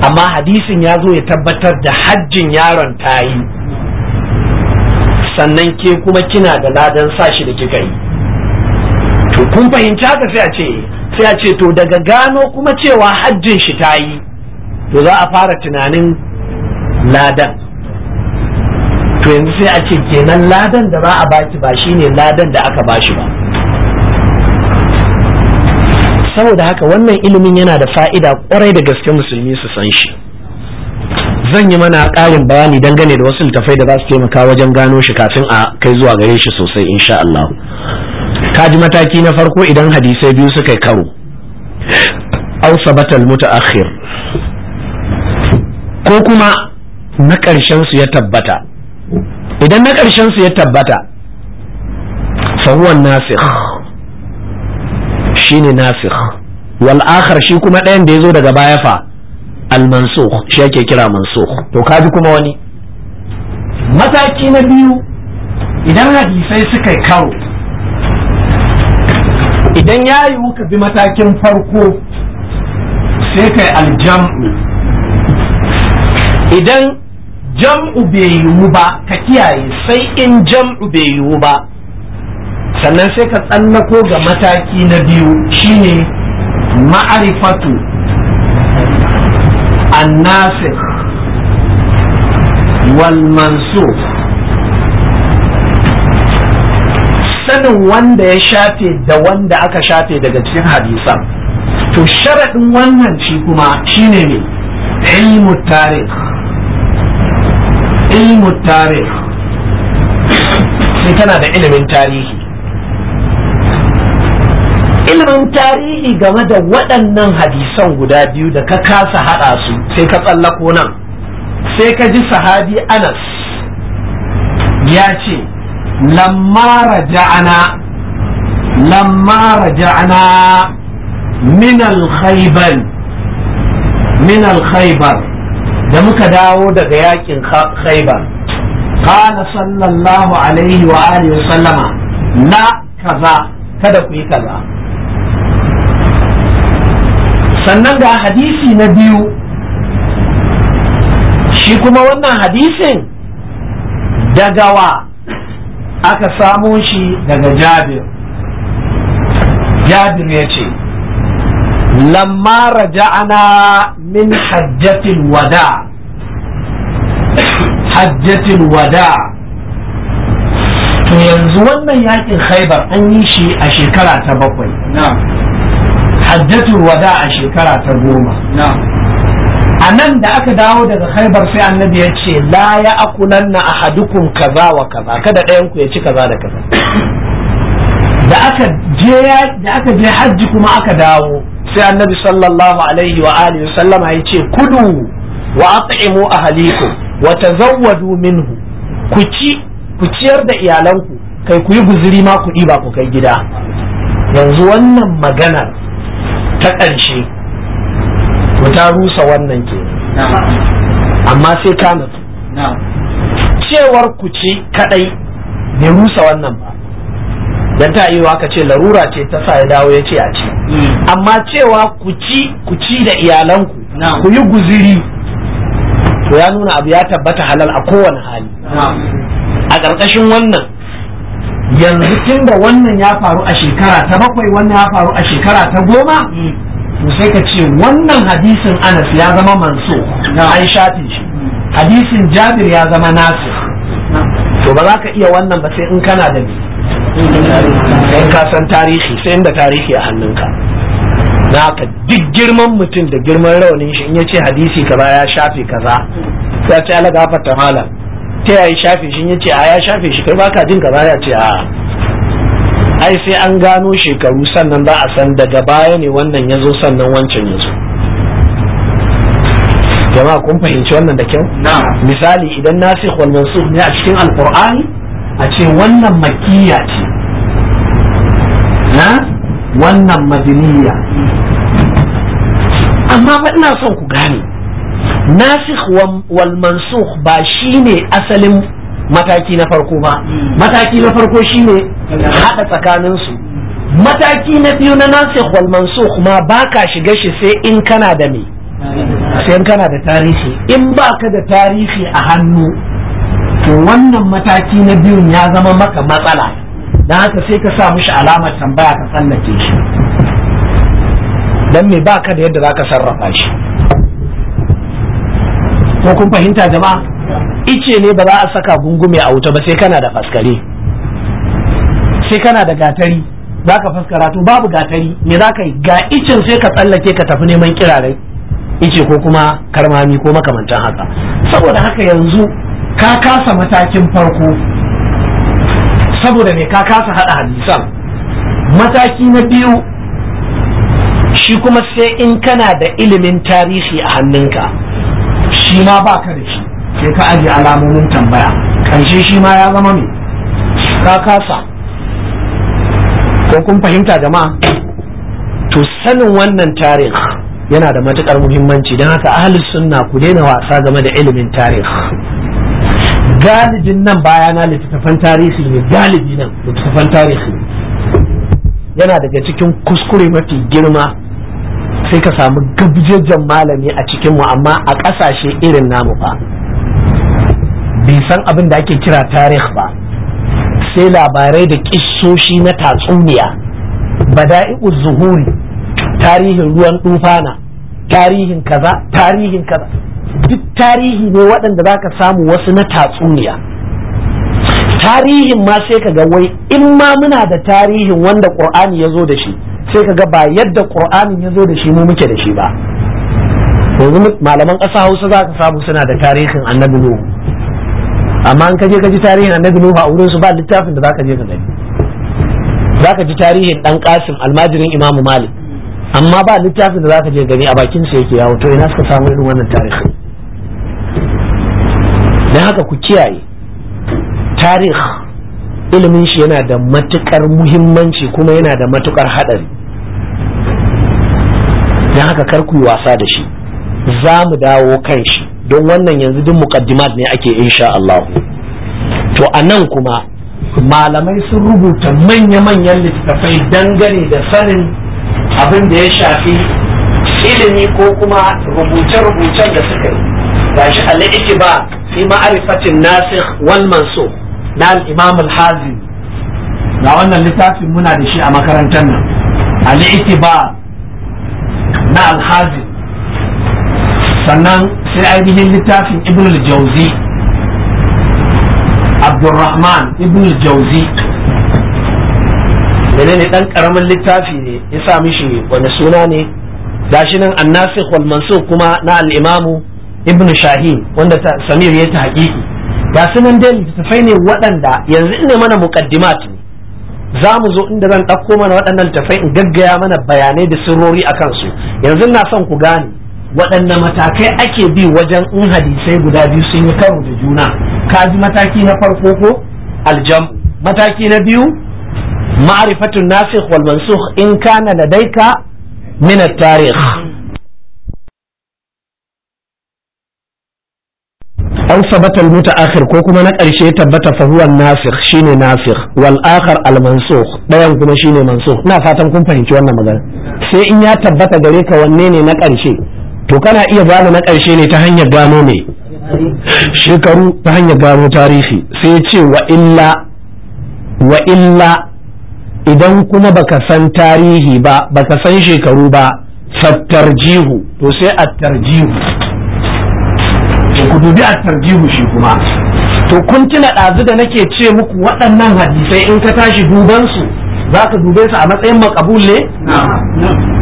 amma hadisin ya zo ya tabbatar da hajjin yaron ta yi sannan ke kuma kina da ladan sashi da kika yi to kun fahimci haka sai a ce sai a ce to daga gano kuma cewa hajjin shi ta yi to za a fara tunanin ladan to yanzu sai a ce kenan ladan da za a baki ba shine ladan da aka bashi ba saboda haka wannan ilimin yana da fa'ida kwarai da gaske musulmi su san shi zan yi mana ƙarin bayani dangane da wasu littafai da za su taimaka wajen gano shi kafin a kai zuwa gare shi sosai insha Allah ka ji mataki na farko idan hadisai biyu suka yi karo aw mutaakhir ko kuma na ƙarshen su ya tabbata idan na ƙarshen su ya tabbata fahuwan shi ne nasir, wal akhar shi kuma ɗayan da ya zo daga baya fa al shi yake kira mansukh to kaji kuma wani mataki na biyu idan hadisai suka yi karo idan ya yi muka bi matakin farko sai kai aljam'u idan jam'u bai yiwu ba ka kiyaye sai in jam'u bai yiwu ba sannan sai ka tsallako ga mataki na biyu shine ma'arifatu annasikh wal sanin wanda ya shafe da wanda aka shafe daga cikin hadisan to sharaɗin wannan shi kuma shine ne ilmu tarikh ilmu tarih sai tana da ilimin tarihi ilimin tarihi game da waɗannan hadisan guda biyu da ka kasa haɗa su sai ka tsallako nan sai ka ji sahabi anas ya ce lamara ja'ana, lamara ja'ana, min al-khaybar min da muka dawo daga yakin khaibar qala sallallahu alaihi wa alihi wa sallama na kaza kada ku yi kaza sannan ga hadisi na biyu shi kuma wannan hadisin dagawa aka samo shi daga jabir jabir ya ce لما رجعنا من حجة الوداع حجة الوداع to yanzu wannan yakin khaibar an yi shi a shekara ta bakwai hajjatul wada a shekara ta goma a nan da aka dawo daga khaibar sai annabi ya ce la ya akulanna ahadukum kaza wa kaza kada ɗayan ku ya ci kaza da kaza da aka je hajji kuma aka dawo sai annabi sallallahu alaihi wa alihi sallama ya ce kudu wa at'imu ahlikum wa tazawwadu minhu ku ci ku ciyar da iyalanku kai ku yi guzuri ma ku ba ku kai gida yanzu wannan maganar ta ƙarshe ku ta rusa wannan ke amma sai ka cewar ku ci kadai bai rusa wannan ba dan ta yi ka ce larura ce ta sa ya dawo ya ce a ci hmm. amma cewa ku ci ku ci da iyalanku ku yi guziri to ya nuna abu ya tabbata halal a kowane hali a ƙarƙashin wannan yanzu tun da wannan ya faru a shekara ta bakwai wannan ya faru a shekara ta goma hmm. to sai ka ce wannan hadisin anas ya zama manso an shafe shi hadisin jabir ya zama nasir to ba za ka iya wannan ba sai in kana da sai ka san tarihi sai inda tarihi a hannunka na ka duk girman mutum da girman raunin shi in ya ce hadisi kaza ya shafe kaza Ya ce ala gafarta malam ta ya shafe shi ya ce a ya shafe shi kai baka jin kaza ya ce a ai sai an gano shekaru sannan ba a san daga baya ne wannan ya zo sannan wancan ya zo jama'a kun fahimci wannan da kyau misali idan nasi wal su ne a cikin alqur'ani a ce wannan makiyya ce wannan madaniya amma ba ina son ku gane nasikh wal mansukh ba shine asalin mataki na farko ba mataki na farko shine hada tsakanin su mataki na biyu na nasikh wal mansukh ma baka shiga shi sai in kana da me sai in kana da tarihi in baka da tarihi a hannu to wannan mataki na biyun ya zama maka matsala Na haka sai ka sa mishi alamar tambaya ka tsallake shi dan me baka da yadda za ka sarrafa shi ko kun fahimta jama'a ice ne ba za a saka gungume a wuta ba sai kana da faskare sai kana da gatari za ka faskara to babu gatari me za ka yi ga icin sai ka tsallake ka tafi neman kirarai ice ko kuma karmami ko makamantan haka saboda haka yanzu ka kasa matakin farko saboda me ka kasa hada hadisan mataki na biyu shi kuma sai in kana da ilimin tarihi a hannunka shi ma ba ka da shi sai ka aje alamomin tambaya ƙarshe shi ma ya zama me ka kasa ko kun fahimta jama'a to sanin wannan tarihi yana da matukar muhimmanci don haka ahalus sunna ku daina wasa game da ilimin tarihi galibin nan bayana littattafan tarihi ne galibi nan littattafan tarihi yana daga cikin kuskure mafi girma sai ka samu gabjejen malami a cikin mu amma a ƙasashe irin namu ba bai san abin da ake kira tarih ba sai labarai da ƙisoshi na tatsuniya bada'i'u zuhuri tarihin ruwan tufana tarihin kaza tarihin kaza duk tarihi ne waɗanda za ka samu wasu na tatsuniya tarihin ma sai ka ga wai in ma muna da tarihin wanda ƙur'ani ya zo da shi sai ka ga ba yadda ƙur'anin ya zo da shi mu muke da shi ba yanzu malaman ƙasa hausa za ka samu suna da tarihin annabi nuhu amma an kaje ka ji tarihin annabi nuhu a wurin su ba littafin da za ka je ka gani za ka ji tarihin ɗan ƙasim almajirin imamu malik amma ba littafin da za ka je gani a bakin su yake yawo to ina suka samu irin wannan tarihin da haka ku kiyaye tarih ilimin shi yana da matukar muhimmanci kuma yana da matukar haɗari da haka kar ku yi wasa da shi za mu dawo kan shi don wannan yanzu duk muqaddimat ne ake insha Allah to a nan kuma malamai sun rubuta manya-manyan littattafai dangane da sanin abin da ya shafi ilimi ko kuma rubuce-rubucen da suka yi a al'iki ba fi ma'arifatin nasikh wal mansukh na al-imam ga wannan littafin muna da shi a makarantar nan al-itibar na al sannan sai ainihin littafin ibn al-jawzi abdurrahman ibn al-jawzi menene dan karamin littafi ne ya sa mishi wani suna ne gashi nan annasikh wal mansukh kuma na al'imamu. ibn shahin wanda samir ya ta haƙiƙi ga su nan dai littattafai ne waɗanda yanzu ina mana muqaddimat ne za mu zo inda zan ɗauko mana waɗannan littattafai in gaggaya mana bayanai da sirrori a kansu yanzu na son ku gane waɗanne matakai ake bi wajen in hadisai guda biyu sun yi karo da juna ka ji mataki na farko ko aljam mataki na biyu ma'rifatun nasikh wal mansukh in kana ladaika min at-tarikh aw sabata al mutaakhir ko kuma na karshe ya tabbata fa huwa nasikh shine nasikh wal akhar al mansukh dayan kuma shine mansukh ina fatan kun fahimci wannan magana sai in ya tabbata gare ka wanne ne na ƙarshe to kana iya gano na karshe ne ta hanyar gano ne shekaru ta hanyar gano tarihi sai ya ce wa illa wa illa idan kuma baka san tarihi ba baka san shekaru ba fattarjihu to sai attarjihu. ku dubi a tarjihu shi kuma to kun tuna ɗazu da nake ce muku waɗannan hadisai in ka tashi duban su za ka dube su a matsayin makabul ne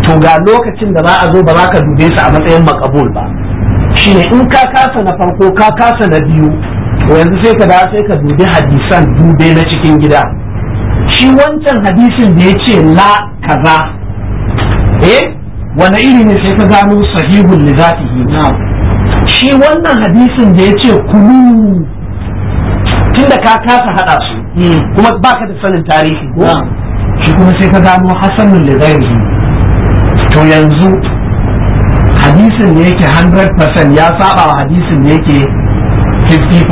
to ga lokacin da za a zo ba za ka dube su a matsayin makabul ba shine in ka kasa na farko ka kasa na biyu to yanzu sai ka da sai ka dubi hadisan dube na cikin gida shi wancan hadisin da ya ce la kaza eh wani iri ne sai ka gano sahihun li zatihi na'am shi wannan hadisin da ya ce kulu tunda ka kasa haɗa su hmm. kuma ba ka da sanin tarihi ko shi kuma sai ka gano hasanun da zai to yanzu hadisin da yake 100% ya saba wa hadisin da yake 50%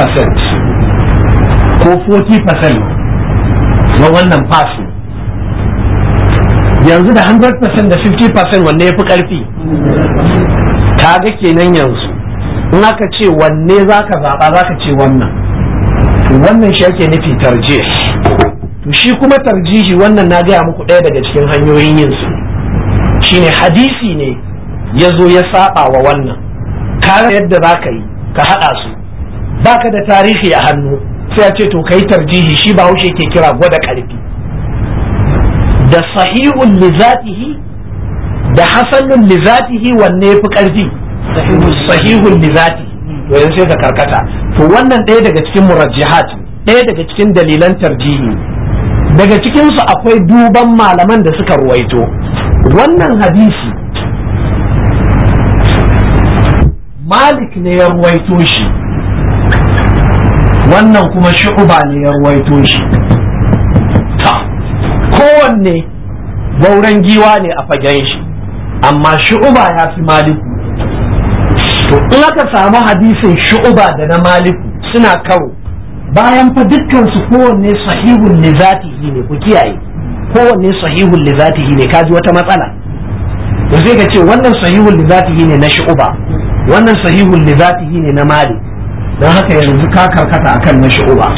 ko 40% na wannan fasin yanzu da 100% da 50% wanne ya fi ƙarfi ta ga kenan yanzu in aka ce wanne za ka zaɓa za ka ce wannan wannan shi ake nufi tarjih shi kuma tarjihi wannan na gaya muku ɗaya daga cikin hanyoyin yin su Shin hadisi ne ya zo ya saɓa wa wannan kare yadda za ka yi ka haɗa su Ba ka da tarihi a hannu sai a ce to kai tarjihi shi ba haushe ke kira gwada ƙarfi da sahihun lizatihi da hasanun lizatihi wanne ya fi ƙarfi sahihun bizati to yanzu sai ka karkata to wannan ɗaya daga cikin murajjihat ɗaya daga cikin dalilan tarjihi daga cikinsu akwai duban malaman da suka ruwaito wannan hadisi malik ne ya ruwaito shi wannan kuma shu'uba ne ya ruwaito shi kowanne gauran giwa ne a fagen shi amma shu'uba ya fi maliku to in aka samu hadisin shu'uba da na maliku suna karo bayan fa dukkan su kowanne sahihun li zatihi ne ku kiyaye kowanne sahihun li zatihi ne kaji wata matsala to sai ka ce wannan sahihun li zatihi ne na shu'uba wannan sahihun li zatihi ne na malik don haka yanzu ka karkata akan na shu'uba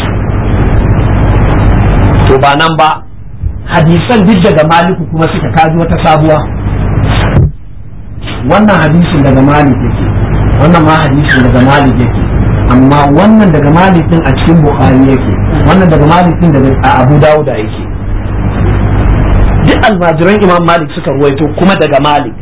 to ba nan ba hadisan duk daga maliku kuma suka kaji wata sabuwa wannan hadisin daga malik yake wannan ma hadisi daga malik yake amma wannan daga malikin din a cikin bukhari yake wannan daga malikin din a abu dawud yake duk almajiran imam malik suka ruwaito kuma daga malik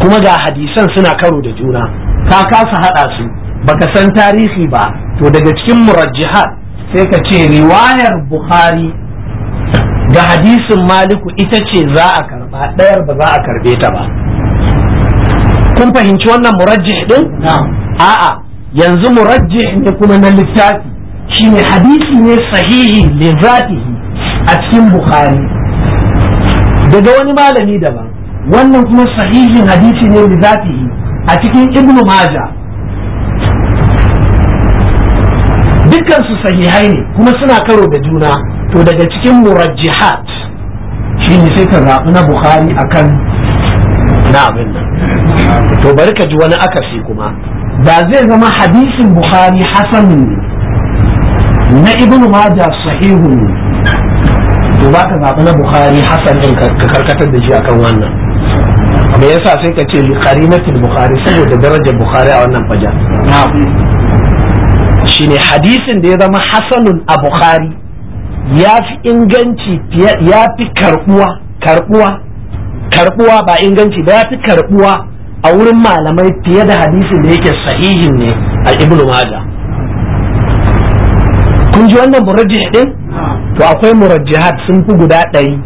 kuma ga hadisan suna karo da juna ka kasa hada su baka san tarihi ba to daga cikin murajjihat sai ka ce riwayar bukhari ga hadisin maliku ita ce za a karba ɗayar ba za a karbe ta ba kun fahimci wannan murajjih din a'a yanzu murajjih ne kuma na littafi shine hadisi ne sahihi li zatihi a cikin bukhari daga wani malami daban wannan kuma sahihin hadisi ne li zatihi a cikin ibnu maja dukkan su sahihai ne kuma suna karo da juna to daga cikin murajjihat shine sai ka zaɓi na bukhari akan na abin nan to bari ka ji wani akasi kuma Ba zai zama hadisin bukhari hasan na ibn majah sahihun to ba ka zaɓi na bukhari hasan ɗin ka karkatar da shi akan wannan me yasa sai ka ce liqarinatul bukhari saboda darajar bukhari a wannan faja shine hadisin da ya zama hasanun a bukhari ya fi inganci ya fi karbuwa karbuwa ba inganci ba ya fi karbuwa a wurin malamai fiye da hadisin da yake sahihin ne a ibnu maja kun ji wannan murajjih din to akwai murajjihat sun fi guda ɗari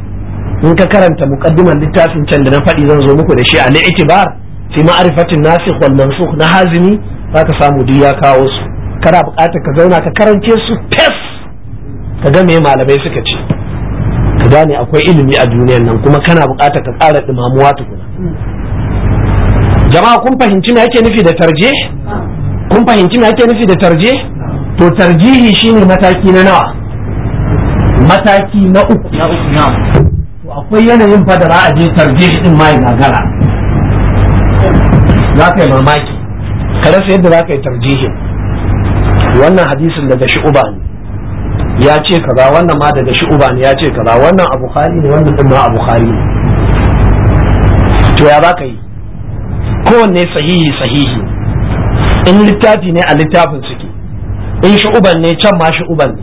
in ka karanta muqaddiman littafin can da na faɗi zan zo muku da shi a li'tibar fi ma'rifatin nasi wal mansukh na hazimi zaka samu duk ya kawo su kana buƙatar ka zauna ka karance su fes ka ga me malamai suka ce ka gane akwai ilimi a duniyar nan kuma kana buƙatar ka ƙara ɗumamuwa tukuna jama'a kun fahimci me ake nufi da tarje kun fahimci me ake nufi da tarje to tarjihi shine mataki na nawa mataki na uku na uku na to akwai yanayin fa da za a je tarjihi din mai gagara za ka yi mamaki ka rasa yadda za ka yi tarjihi wannan hadisin daga shu'uba ne ya ce kaza wannan ma daga shu'uba ne ya ce kaza wannan abu khari ne wannan din ma abu khari ne to ya baka ka yi kowanne sahihi sahihi in littafi ne a littafin suke in shu'uban ne can ma shu'uban ne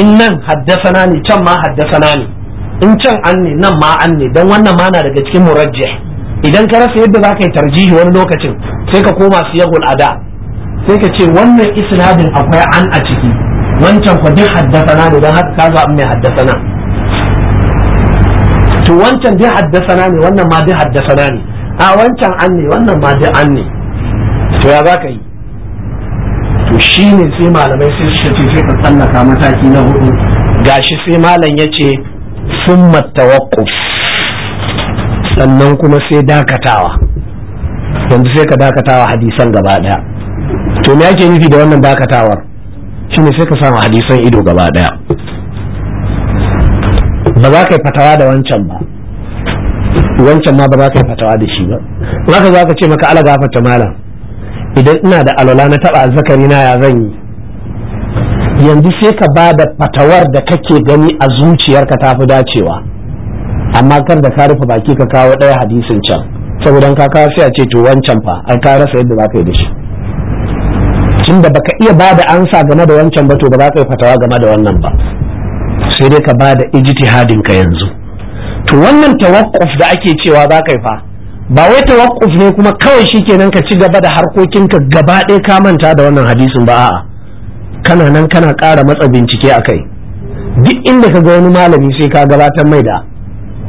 in nan haddasana ne can ma haddasana ne in can an ne nan ma an ne don wannan ma na daga cikin murajjih idan ka rasa yadda za ka yi tarjihi wani lokacin sai ka koma yagul ada sai ka ce wannan isnadin akwai an a ciki wancan kwa duk haddasana ne don haka ka zo mai haddasana to wancan duk haddasana ne wannan ma duk haddasana ne a wancan an ne wannan ma dai an ne to ya za ka yi to shi ne sai malamai sai suka ce sai ka tsallaka mataki na hudu gashi sai malam ya ce sun matawakuf sannan kuma sai dakatawa yanzu sai ka dakatawa hadisan gaba daya to me ake nufi da wannan dakatawar shine sai ka samu hadisan ido gaba daya ba za ka yi fatawa da wancan ba wancan ma ba za ka yi fatawa da shi ba za ka za ka ce maka ala gafarta malam idan ina da alwala na taba azzakari na ya zan yi yanzu sai ka ba da fatawar da kake gani a zuciyarka ta fi dacewa amma kar da ka rufe baki ka kawo ɗaya hadisin can saboda ka kawo sai a ce to wancan fa ai ka rasa yadda za ka yi da shi tun da baka iya ba da ansa game da wancan ba to ba za ka yi fatawa game da wannan ba sai dai ka ba da ijtihadin ka yanzu to wannan tawakkuf da ake cewa za ka yi fa ba wai tawakkuf ne kuma kawai shi kenan ka ci gaba da harkokinka gaba ɗaya ka manta da wannan hadisin ba a'a kana nan kana ƙara matsa bincike a kai duk inda ka ga wani malami sai ka gabatar mai da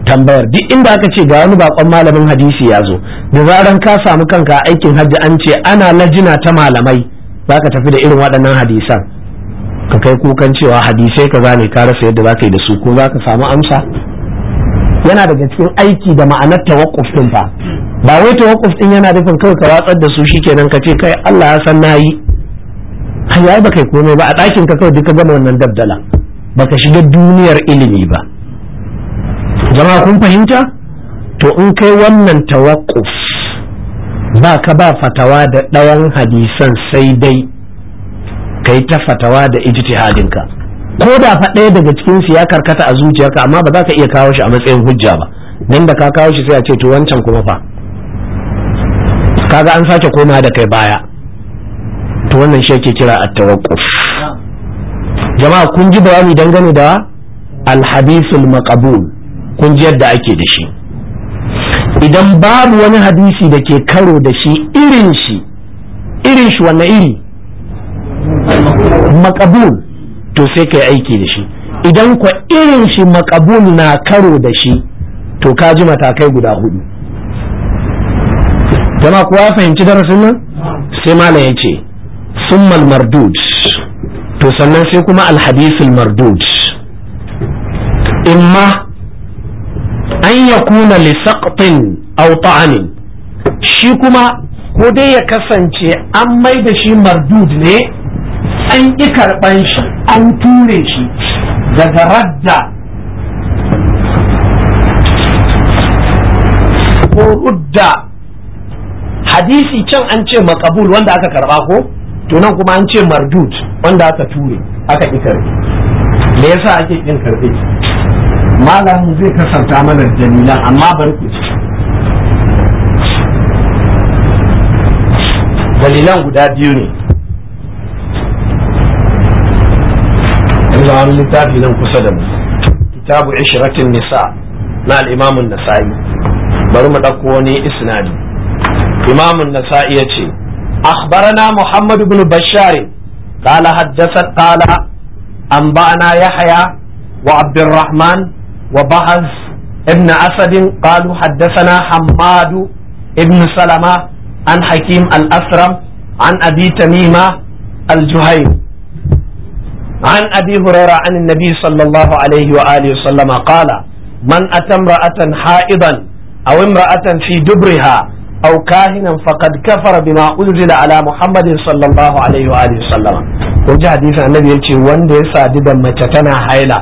tambayar duk inda aka ce ga wani bakon malamin hadisi ya zo da zaran ka samu kanka aikin hajji an ce ana lajina ta malamai za ka tafi da irin waɗannan hadisan ka kai kukan cewa hadisai ka zane ka rasa yadda za ka yi da su ko za ka samu amsa yana daga cikin aiki da ma'anar tawakkuf din fa ba wai tawakkuf din yana nufin kawai ka watsar da su shikenan ka ce kai Allah ya san nayi ai ba kai komai ba a ɗakin ka kawai duka gama wannan dabdala baka shiga duniyar ilimi ba jama'a kun fahimta to in kai wannan tawakkuf ba ka ba fatawa da ɗawan hadisan sai dai kai ta fatawa da ijtihadin ka. ko da fa ɗaya daga cikin su ya karkata a zuciyarka amma ba za ka iya kawo shi a matsayin hujja ba dan da ka kawo shi sai a ce to wancan kuma fa kaga an sake koma da kai baya to wannan shi yake kira at-tawaqquf jama'a kun ji bayani dangane da al-hadithul maqbul kun ji yadda ake da shi idan babu wani hadisi da ke karo da shi irin shi irin shi wannan iri maqbul to sai yi aiki da shi idan kwa irin shi makabul na karo da shi to ka ji matakai guda hudu jama kuwa ya fahimci darasin nan sai malam ya ce summal mardud to sannan sai kuma alhadisul mardud imma an ya kuna lisaqtin aw ta'anin shi kuma ko dai ya kasance an mai da shi mardud ne an ƙi karɓan shi an ture shi daga radda ko rudda hadisi can an ce makabul wanda aka karba ko to nan kuma an ce mardut wanda aka ture aka ƙi me yasa ake ƙin karbe malam zai kasanta mana Jamila amma bari ku dalilan guda biyu ne za wani littafi nan kusa da mu kitabu ishiratin nisa na al'imamun nasa'i bari mu ɗauko wani isnadi imamun nasa'i ya ce akhbarana muhammad ibn bashar qala haddathat qala anba'ana yahya wa abdurrahman wa bahaz ibn asad haddasa na hammad ibn salama an hakim al-asram عن أبي تميمة الجهيم عن أبي هريرة عن النبي صلى الله عليه وآله وسلم قال من أتى امرأة حائضا أو امرأة في دبرها أو كاهنا فقد كفر بما أنزل على محمد صلى الله عليه وآله وسلم وجاء حديث النبي يقول وان دي ساددا مچتنا حيلا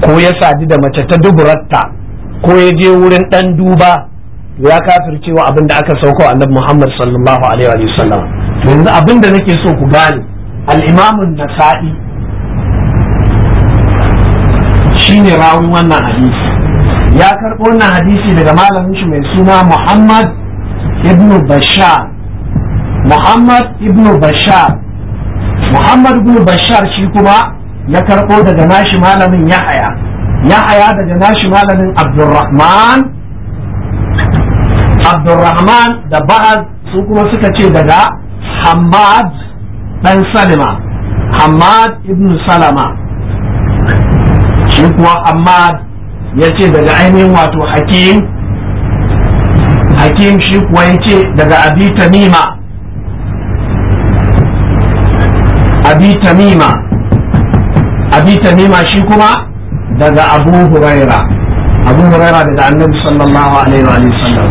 ko ya sadi da mace ta duburatta ko ya je wurin dan duba ya kafircewa abin da aka sauko annabi Muhammad sallallahu alaihi wa sallam yanzu abin da nake so ku gane al-Imam an-Nasa'i ne rawun wannan hadisi ya karɓo wannan hadisi daga malamin shi mai suna Muhammad ibn Bashar Muhammad ibn Bashar Muhammad ibn Bashar shi kuma ya karɓo daga nashi malamin Yahaya Yahaya daga nashi malamin Abdurrahman Abdurrahman da Ba'az su kuma suka ce daga Hamad ɗan Salima Hamad ibn Salama shi kuwa amma ya ce daga ainihin wato hakim hakim shi kuwa ya ce daga abi tamima abi tamima abi tamima shi kuma daga abu huraira abu huraira daga annabi sallallahu alaihi wa sallam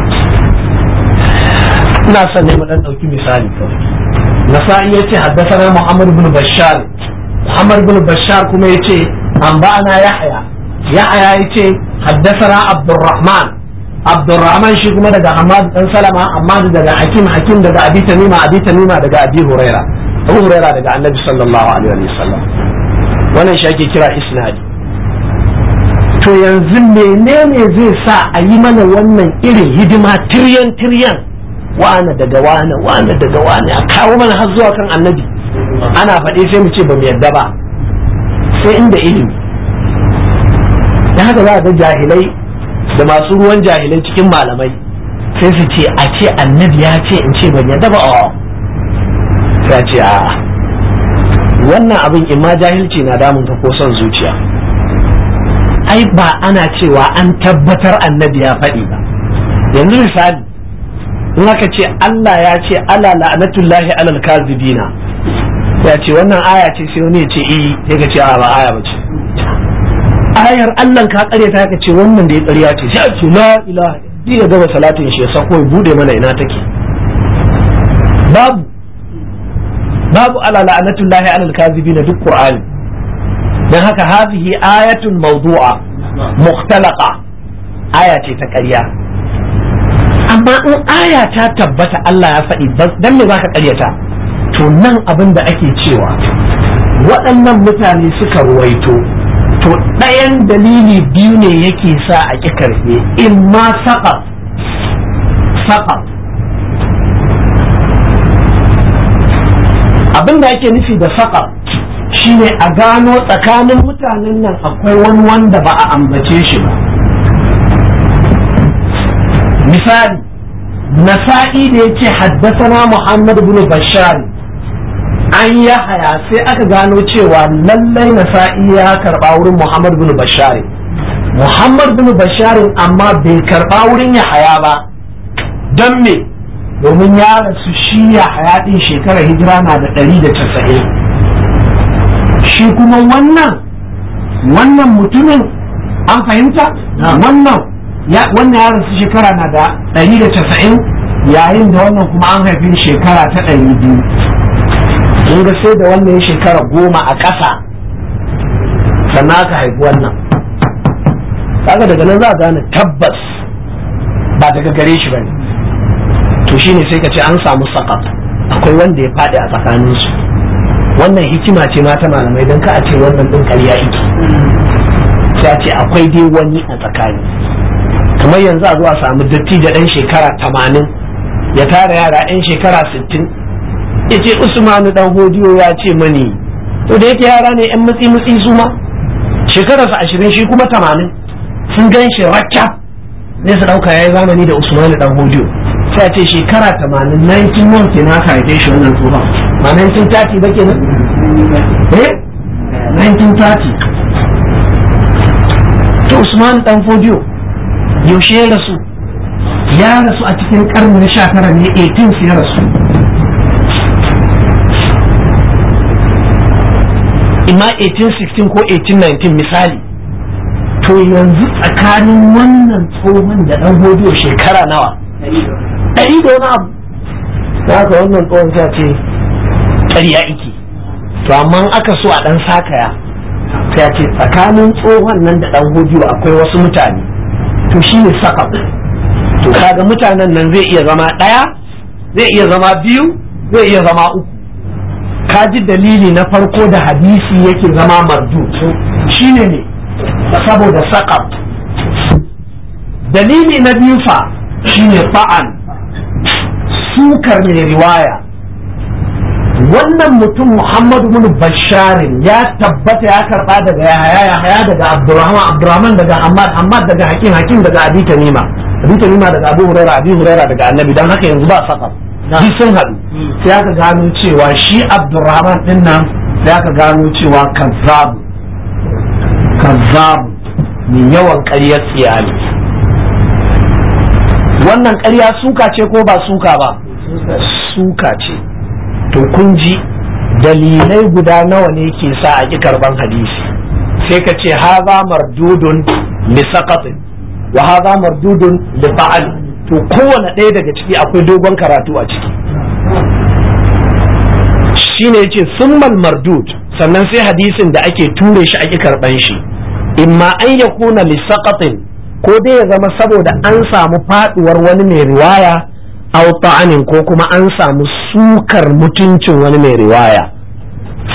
ina son ne mu dan dauki misali kawai nasa'i yace haddathana muhammad bin bashar muhammad bin bashar kuma yace أنبأنا يحيى يحيى يتي حدثنا عبد الرحمن عبد الرحمن شي كما daga Ahmad dan Salama Ahmad daga Hakim Hakim daga Abi Tamima Abi Tamima daga Abi Huraira Abu Huraira daga Annabi sallallahu alaihi wa sallam wannan shi kira to yanzu menene zai sa a yi mana wannan irin hidima tiryan tiryan wane daga wane wane daga wane a kawo mana har zuwa kan annabi ana faɗi sai mu ce ba mu yadda ba sai inda ilimi da haka za a ga jahilai da masu ruwan jahilai cikin malamai sai su ce a ce annabi ya ce in ce ban yadda ba sai a ce a wannan abin in ma jahilci na damun ka ko son zuciya ai ba ana cewa an tabbatar annabi ya faɗi ba yanzu misali in aka ce Allah ya ce ala la'anatullahi alal kazibina ya ce wannan aya ce sai wani ya ce eh ya ga ce a ba aya ba ce ayar Allah ka kare ta ka ce wannan da ya ƙarya ce sai ce la ilaha illa ya gaba salatin shi ya sako ya bude mana ina take babu babu ala la'anatullahi alal kazibina duk qur'ani dan haka hadhihi ayatun mawdu'a mukhtalaqa aya ce ta ƙarya amma in aya ta tabbata Allah ya faɗi dan me zaka ƙaryata to nan abin da ake cewa waɗannan mutane suka ruwaito to ɗayan dalili biyu ne yake sa a ƙi karfe in ma saƙa abin da ake nufi da saƙa shine a gano tsakanin mutanen nan akwai wani wanda ba a ambace shi ba misali nasa'i da yake haddasa na muhammad bin bashari an yi haya sai aka gano cewa lallai nasa'i ya karba wurin muhammad bin bashari muhammad bin bashari amma bai karba wurin ya haya ba don me domin ya rasu shi ya haya din shekarar hijira na da ɗari da casa'in shi kuma wannan wannan mutumin an fahimta wannan wannan ya rasu shekara na da ɗari da casa'in yayin da wannan kuma an haifi shekara ta ɗari biyu sun ga sai da wannan ya shekara goma a ƙasa sannan aka haifi wannan kaga daga nan za a gane tabbas ba daga gare shi ba ne to shi ne sai ka ce an samu sakat akwai wanda ya faɗi a tsakaninsu wannan hikima ce mata malamai don ka a ce wannan ɗin ƙarya iki sai a ce akwai dai wani a tsakani kamar yanzu a zuwa samu da ɗan shekara tamanin ya tara yara ɗan shekara sittin ya ce usman dan hodiyo ya ce mani to da yake yara ne yan matsi-matsi su ma shekararsa ashirin shi kuma tamanin sun gan shi rakka ne su dauka yayi zamani da usman dan hodiyo sai ce shekara tamanin 91 kenan aka haife shi wannan tsohon ma 1930 ba nan eh 1930 ta Usman dan Fodiyo yaushe ya rasu ya rasu a cikin karnin 19 ne 18 ya rasu ima 1816 ko 1819 misali to yanzu tsakanin wannan tsohon da ɗan hodiyo shekara nawa ɗari da wani abu za ka wannan tsohon ta ce ƙarya iki to amma aka so a ɗan sakaya ta ce tsakanin tsohon nan da ɗan hodiyo akwai wasu mutane to shi ne sakab to kaga mutanen nan zai iya zama ɗaya zai iya zama biyu zai iya zama uku ka ji dalili na farko da hadisi yake zama marju shine ne saboda saƙab dalili na biyu fa shine fa'an sukar mai riwaya wannan mutum muhammadu bin basharin ya tabbata ya karba daga ya haya daga abdurrahman abdurrahman daga hamad hamad daga hakim hakim daga abi Nima, abi Nima daga abu hurera abi hurera daga annabi dan haka yanzu ba sakar shi sun haɗu hmm. sai aka gano cewa shi abdurrahman din nan sai aka gano cewa kazzabu kazzabu mai yawan ƙaryar tsiyali wannan ƙarya suka ce ko ba suka ba suka ce to kun ji dalilai guda nawa ne ke sa a ƙi karban hadisi sai ka ce haza mardudun li saqatin wa haza mardudun li to kowane ɗaya daga ciki akwai dogon karatu a ciki Shi ne ce summal mardud sannan sai hadisin da ake ture shi ake karɓan shi In ma an ya kuna lissakatin ko dai ya zama saboda an samu faɗuwar wani mai riwaya aw ko kuma an samu sukar mutuncin wani mai riwaya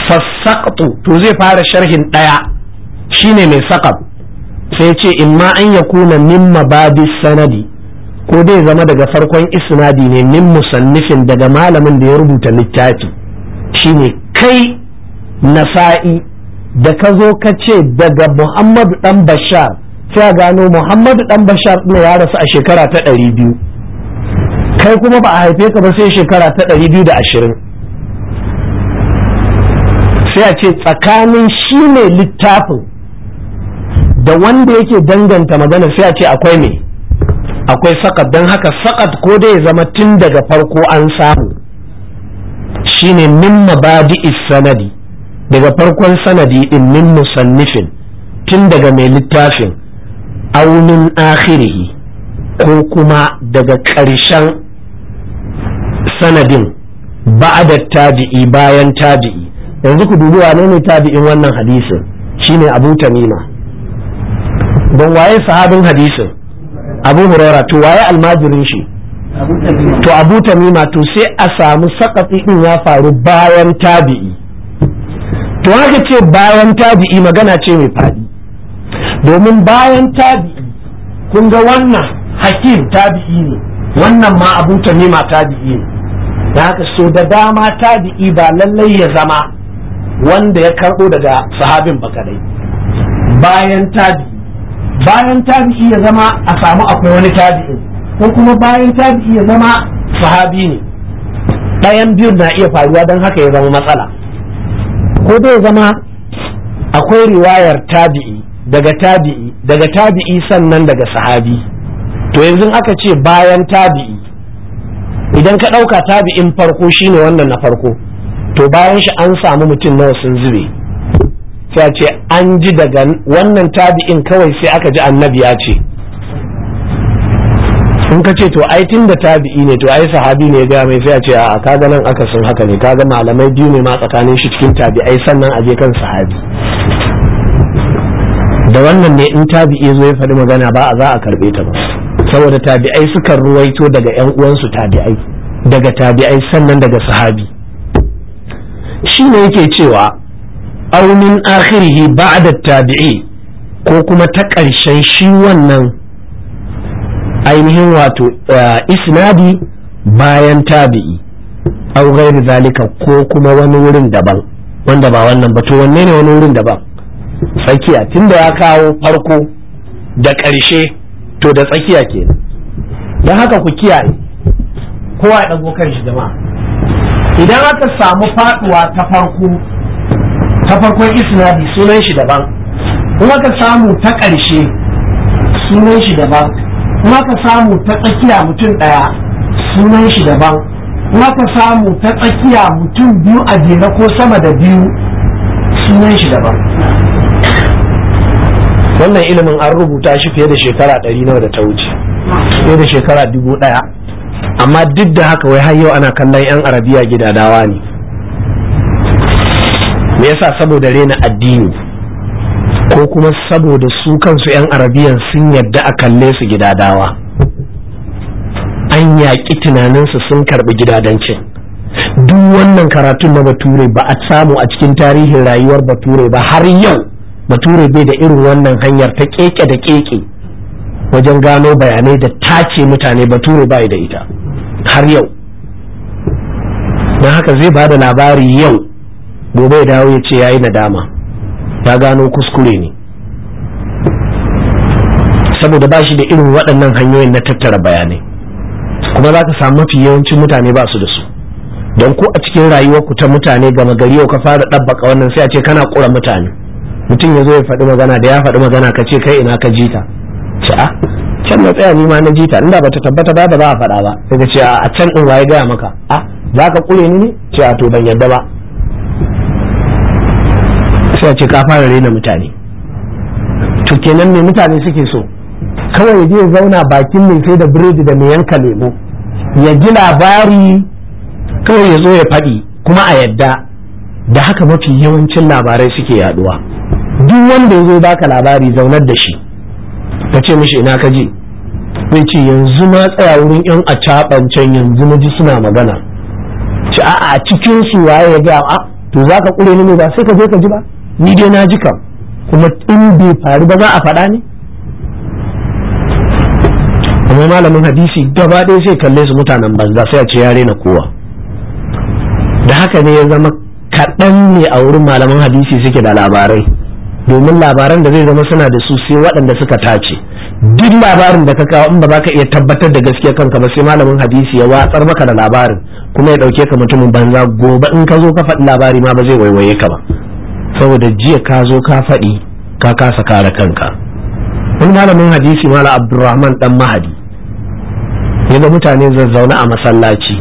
fasaqtu to zai fara sharhin ɗaya shine mai saqat sai ce in imma an ya kuna min mabadi sanadi ko dai zama daga farkon isnadi ne min musannifin daga malamin da ya rubuta littafi shine kai nasa'i da ka zo ka ce daga muhammadu dan bashar sai gano muhammadu dan bashar ɗin ya rasu a shekara ta ɗari biyu kai kuma ba a haife ka ba sai shekara ta ɗari biyu da ashirin sai a ce tsakanin shi ne littafin da wanda yake danganta magana sai a ce akwai me akwai sakat don haka sakat ko dai zama tun daga farko an samu shine min mabadi sanadi daga farkon sanadi din min musannifin tun daga mai littafin aunin akhirihi ko kuma daga ƙarshen sanadin ba'da taji'i bayan taji'i yanzu ku dubi wane ne tabi'in wannan hadisin shine abu tamima don waye sahabin hadisin abu hurara to waye almajirin shi to abu tamima to sai a samu sakafi din ya faru bayan tabi'i to haka ce bayan tabi'i magana ce mai faɗi domin bayan tabi'i kun ga wannan hakim tabi'i ne wannan ma abu tamima tabi'i ne da haka so da dama tabi'i ba lallai ya zama wanda ya karɓo daga sahabin ba bayan tabi'i bayan tabi'i ya zama a samu akwai wani tabi'i ko kuma bayan tabi'i ya zama sahabi ne ɗayan biyun na iya faruwa don haka ya zama matsala ko dai zama akwai riwayar tabi'i daga tabi'i daga tabi'i sannan daga sahabi to yanzu aka ce bayan tabi'i idan ka ɗauka tabi'in farko shine wannan na farko to bayan shi an samu mutum nawa sun zube sai ce an ji daga wannan tabi'in kawai sai aka ji annabi ya ce in ka ce to ai tun da tabi'i ne to ai sahabi ne ga mai sai a ce a kaga nan aka sun haka ne kaga malamai biyu ne ma tsakanin shi cikin tabi'ai sannan a je kan sahabi da wannan ne in tabi'i zo ya faɗi magana ba a za a karɓe ta ba saboda tabi'ai sukan ruwaito daga yan uwansu tabi'ai daga tabi'ai sannan daga sahabi shi ne yake cewa aw min akhirihi ba'da tabi'i ko kuma ta ƙarshen shi wannan ainihin wato eh, isnadi bayan tabi'i aw ghairi zalika ko kuma wani wurin daban wanda ba wannan ba to wanne ne wani wurin daban tsakiya tunda ya kawo farko da ƙarshe to da tsakiya kenan don haka ku kiyaye kowa ya ɗago kan shi jama'a idan aka samu faɗuwa ta farko ta farkon isnadi sunan shi daban kuma ka samu ta ƙarshe sunan shi daban kuma ka samu ta tsakiya mutum ɗaya sunan shi daban kuma ka samu ta tsakiya mutum biyu a jere ko sama da biyu sunan shi daban wannan ilimin an rubuta shi fiye da shekara ɗari nawa da ta wuce fiye da shekara dubu ɗaya amma duk da haka wai har yau ana kallon 'yan arabiya gidadawa ne me yasa saboda rena addini ko kuma saboda su kansu 'yan arabiyan sun yadda a kalle su gidadawa an yaƙi tunaninsu sun karɓi gidadancin duk wannan karatun na bature ba a samu a cikin tarihin rayuwar bature ba har yau bature bai da irin wannan hanyar ta keke da keke wajen gano bayanai da tace mutane bature bai da ita har yau don haka zai ba da labari yau gobe ya dawo ya ce ya yi nadama ta gano kuskure ne saboda ba shi da irin waɗannan hanyoyin na tattara bayanai kuma za ka samu mafi yawancin mutane ba su da su don ko a cikin rayuwarku ta mutane gama gari yau ka fara ɗabbaka wannan sai a ce kana kura mutane mutum ya zo ya faɗi magana da ya faɗi magana ka ce kai ina ka jita ce a ah, can na tsaya ni ma na jita inda bata tabbata ba ba za a faɗa ba sai ka ce ah, a can ɗin waye gaya maka a ah, za ka ƙure ni ne ce a to ban yadda ba sai ce ka fara rena mutane to kenan me mutane suke so kawai ya zauna bakin mai sai da biredi da mai yanka lemo ya ji labari kawai ya zo ya faɗi kuma a yadda da haka mafi yawancin labarai suke yaduwa duk wanda ya zo baka labari zaunar da shi ka ce mishi ina ka ji zai ce yanzu ma tsaya wurin yan a cabancan yanzu na ji suna magana ci a a cikin su waye ya ga a to zaka kure ni ne ba sai ka je ka ji ba ni dai na ji kam kuma in bai faru ba za a faɗa ne kuma malamin hadisi gaba ɗaya sai kalle su mutanen banza sai a ce yare na kowa da haka ne ya zama kaɗan ne a wurin malaman hadisi suke da labarai domin labaran da zai zama suna da su sai waɗanda suka tace duk labarin da ka kawo in ba ka iya tabbatar da gaskiya kanka ba sai malamin hadisi ya watsar maka da labarin kuma ya ɗauke ka mutumin banza gobe in ka zo ka faɗi labari ma ba zai waiwaye ka ba saboda jiya ka zo ka faɗi ka kasa kare kanka wani malamin hadisi mala abdurrahman dan mahadi ya ga mutane zazzauna a masallaci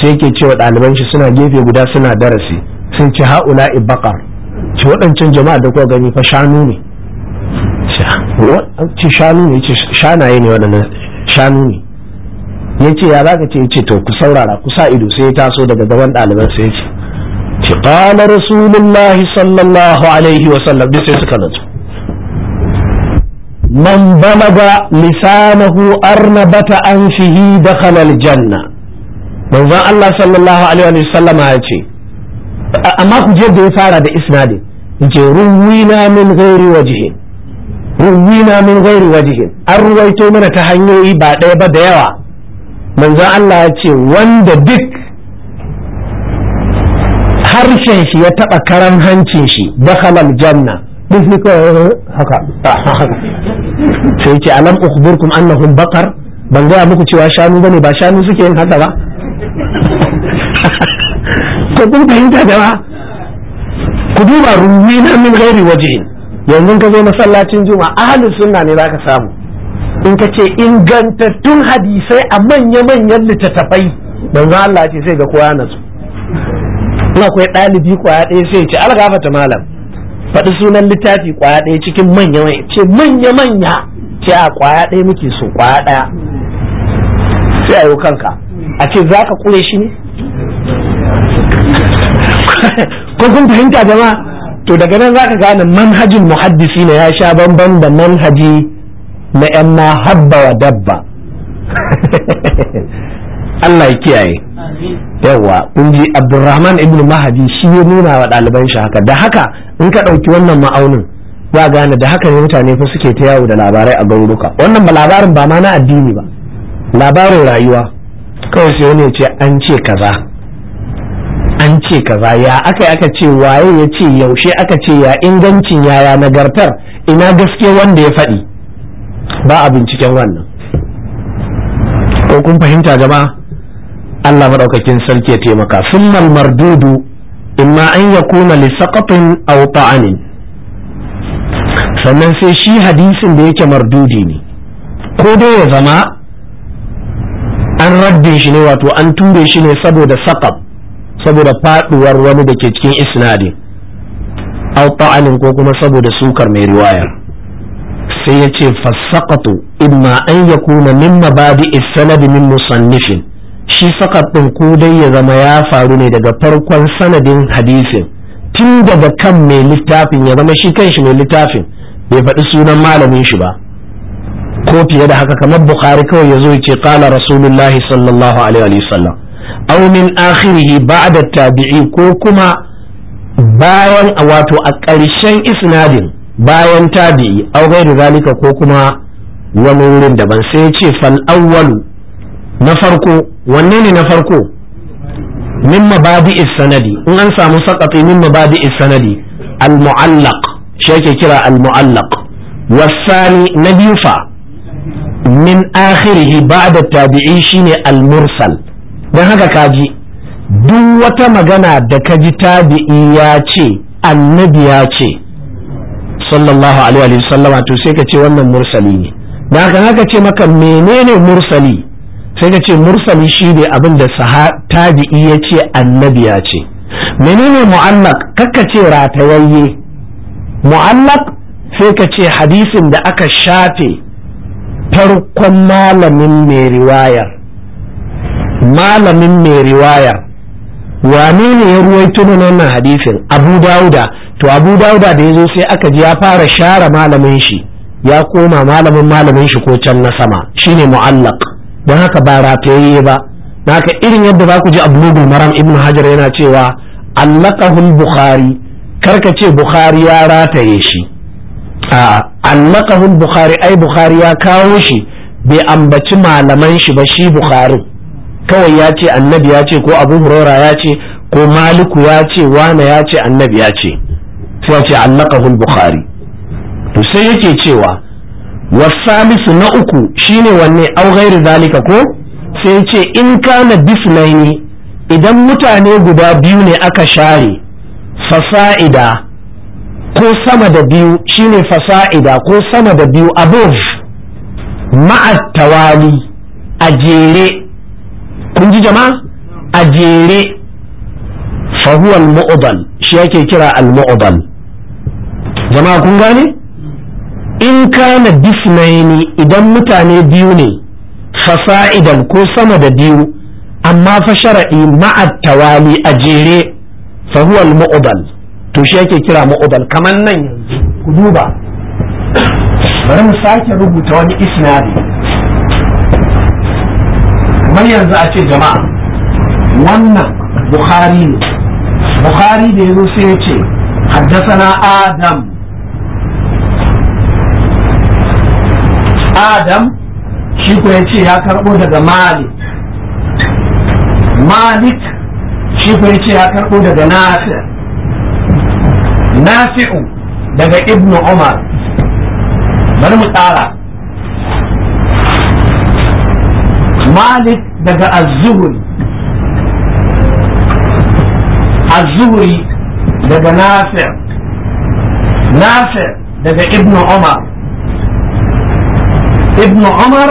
sai yake cewa ɗaliban shi suna gefe guda suna darasi sun ci haula ibakar ci waɗancan jama'a da kuka gani fa shanu ne ci shanu ne ce shanaye ne waɗannan shanu ne ya ce ya za ka ce ya ce to ku saurara ku sa ido sai ya taso daga gaban ɗaliban sai ya ce ce qala rasulullahi sallallahu alaihi wa sallam duk sai suka nutsu man balaga lisanahu arnabata anfihi dakhala aljanna manzon Allah sallallahu alaihi wa sallam ya ce amma ku je da ya fara da isnadin yace ruwina min ghairi wajhin ruwina min ghairi wajhin an ruwaito mana ta hanyoyi ba ɗaya ba da yawa manzon Allah ya ce wanda duk harshen shi ya taba karan hancin shi dakhala aljanna duk eh, ah, haka sai ce alam ukhbirkum annahum baqar ban gaya muku cewa shanu bane ba shanu suke yin haka ba ko kun fahimta da ba ku duba na min gairi waje yanzu ka zo masallacin juma'a ahli sunna ne zaka samu in ka ce ingantattun hadisai a manya-manyan littattafai banzu Allah ce sai ga kowa nasu na akwai ɗalibi kwaya ɗaya sai ce algafata malam faɗi sunan littafi kwaya ɗaya cikin manya ce manya manya ce a kwaya ɗaya muke so kwaya ɗaya sai a yi kanka a ce za ka kure shi ne ko kun fahimta jama'a to daga nan za ka gane manhajin muhaddisi ne ya sha bamban da manhaji na 'yan ma habba wa dabba Allah ya kiyaye yawa kun ji Abdulrahman ibn Mahdi shi ya nuna wa ɗaliban shi haka da haka in ka ɗauki wannan ma'aunin za gane da haka ne mutane fa suke ta yawo da labarai a gauruka. wannan ba labarin ba ma na addini ba labarin rayuwa kawai sai wani ya ce an ce kaza an ce kaza ya aka aka ce waye ya ce yaushe aka ce ya ingancin yaya nagartar ina gaske wanda ya faɗi ba a binciken wannan ko kun fahimta jama'a Allah madaukakin sarki ya taimaka summa mardudu imma an yakuna li saqatin aw sannan sai shi hadisin da yake mardudi ne ko dai ya zama an radde shi ne wato an ture shi ne saboda saqab saboda faduwar wani da ke cikin isnadin aw ko kuma saboda sukar mai riwayar sai ya ce fasaqatu imma an yakuna min mabadi sanadi min musannifin shi sakat ɗin ko dai ya zama ya faru ne daga farkon sanadin hadisin tun daga kan mai littafin ya zama shi kanshi mai littafin bai faɗi sunan malamin shi ba ko fiye da haka kamar bukhari kawai ya zo ya ce kala rasulullahi sallallahu alaihi wa sallam aw min akhirihi ba'da tabi'i ko kuma bayan wato a ƙarshen isnadin bayan tabi'i aw ghairu zalika ko kuma wani wurin daban sai ya ce fal awwalu na farko wanne ne na farko min mabadi'is sanadi in an samu sakati min mabadi'is sanadi al-mu'allaq shi ake kira al-mu'allaq wasani na biyu fa min akhirihi ba'da tabi'i shine al-mursal dan haka kaji duk wata magana da kaji tabi'i ya ce annabi ya ce sallallahu alaihi wa sallama to sai ka ce wannan mursali ne dan haka ce maka menene mursali sai ka ce mursali shi ne abin da tabi'i ya ce annabiya ya ce menene muallak kakka ce ratayayye muallak sai ka ce hadisin da aka shafe farkon malamin mai riwayar malamin mai riwayar wane ne ya ruwaito mana wannan hadisin abu dauda to abu dauda da ya zo sai aka ji ya fara share malamin shi ya koma malamin malamin shi ko can na sama shine mu'allaq don haka ba rataye ba na haka irin yadda za ku ji abulugul maram ibn hajar yana cewa allakahul bukhari karka ce bukhari ya rataye shi a allakahul bukhari ai bukhari ya kawo shi bai ambaci malaman shi ba shi bukhari kawai ya ce annabi ya ce ko abu hurora ya ce ko maliku ya ce wane ya ce annabi ya ce sai ya ce allakahul bukhari to sai yake cewa wasalisu na uku shine wanne au ghairi zalika ko sai ce in kana bisnaini idan mutane guda biyu ne aka share fasa'ida ko sama da biyu shine fasa'ida ko sama da biyu above ma'at tawali a jere kun ji jama'a a jere fahuwa al-mu'dal shi ake kira al-mu'dal jama'a kun gane in kana disnaini idan mutane biyu ne fasa'idan ko sama da biyu amma fa shara'i ma'a tawali a jere fa huwa al-mu'dal to shi yake kira mu'dal kaman nan yanzu ku duba bari mu sake rubuta wani isnadi kamar yanzu a ce jama'a wannan bukhari ne bukhari da yazo sai ya ce na adam adam shi ko ya ce ya karɓo daga malik malik shi ko ya ce ya karɓo daga nasir nafi'u daga ibnu umar bari mu tsara malik daga az-zuhri az-zuhri daga nasir nasir daga ibnu umar ibnu umar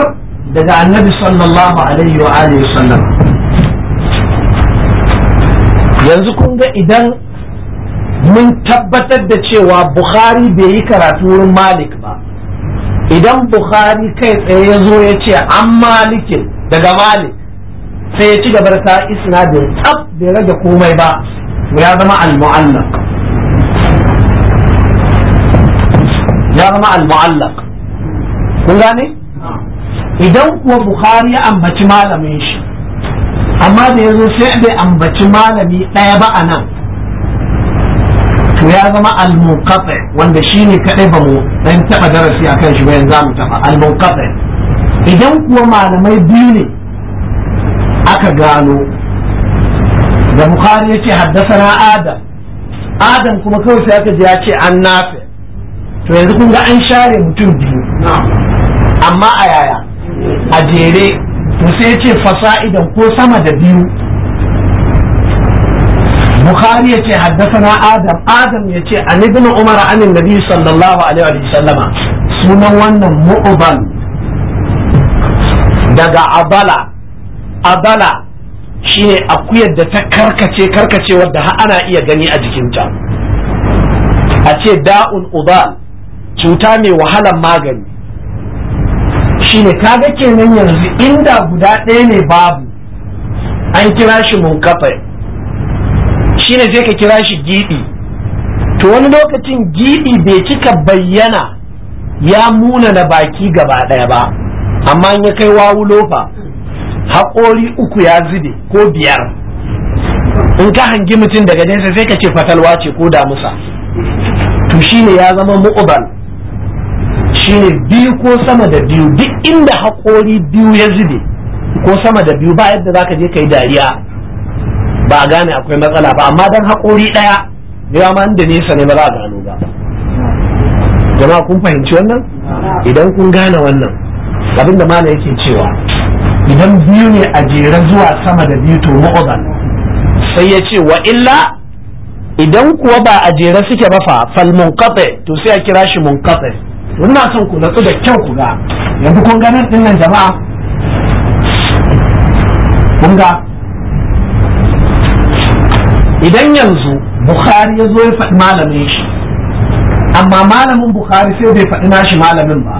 daga annabi sallallahu yanzu kun ga idan mun tabbatar da cewa bukhari bai yi karatu wurin malik ba idan bukhari kai tsaye ya zo ya ce an malikin daga malik sai ya ci gaba da ta da tsaf bai rage komai ba ya zama al kun gane idan kuwa bukhari ya ambaci malamin shi amma da yazo sai bai ambaci malami daya ba a nan to ya zama al-munqati wanda shine kadai ba mu dan taba darasi akan shi ba yanzu mu taba al-munqati idan kuwa malamai biyu ne aka gano da bukhari yace haddasa na adam adam kuma kawai sai aka ji ya ce an nafi to yanzu kun ga an share mutum biyu amma a yaya a jere to sai ce fasa'idan ko sama da biyu bukhari ya ce na adam adam ya ce a ibn umar an nabi sallallahu alaihi wa sallama sunan wannan mu'uban daga abala abala shine akuyar da ta karkace karkace wadda ana iya gani a jikinta a ce da'un Uba cuta mai wahalan magani shine kaga kenan yanzu inda guda ɗaya ne babu an kira shi munkafai shine sai ka kira shi giɗi to wani lokacin giɗi bai cika bayyana ya muna na baki gaba ɗaya ba amma ya kai wawu lofa haƙori uku ya zube ko biyar in ka hangi mutum daga nesa sai ka ce fatalwa ce ko damusa to shine ya zama mu'ubal shine biyu ko sama da biyu duk inda haƙori biyu ya zube ko sama da biyu ba yadda ka je ka yi dariya ba a gane akwai matsala ba amma dan haƙori ɗaya da ma inda nesa ne ba za a gano ba jama'a kun fahimci wannan idan kun gane wannan abin da mana yake cewa idan biyu ne a jere zuwa sama da biyu to ma'uzan sai ya ce wa illa idan kuwa ba a jere suke ba fa falmunkafe to sai a kira shi munkafe muna son ku natsu da kyau ku ga yanzu kun ga nan dinnan jama'a kun ga idan yanzu bukhari ya zo ya faɗi malamin shi amma malamin bukhari sai bai faɗi nashi malamin ba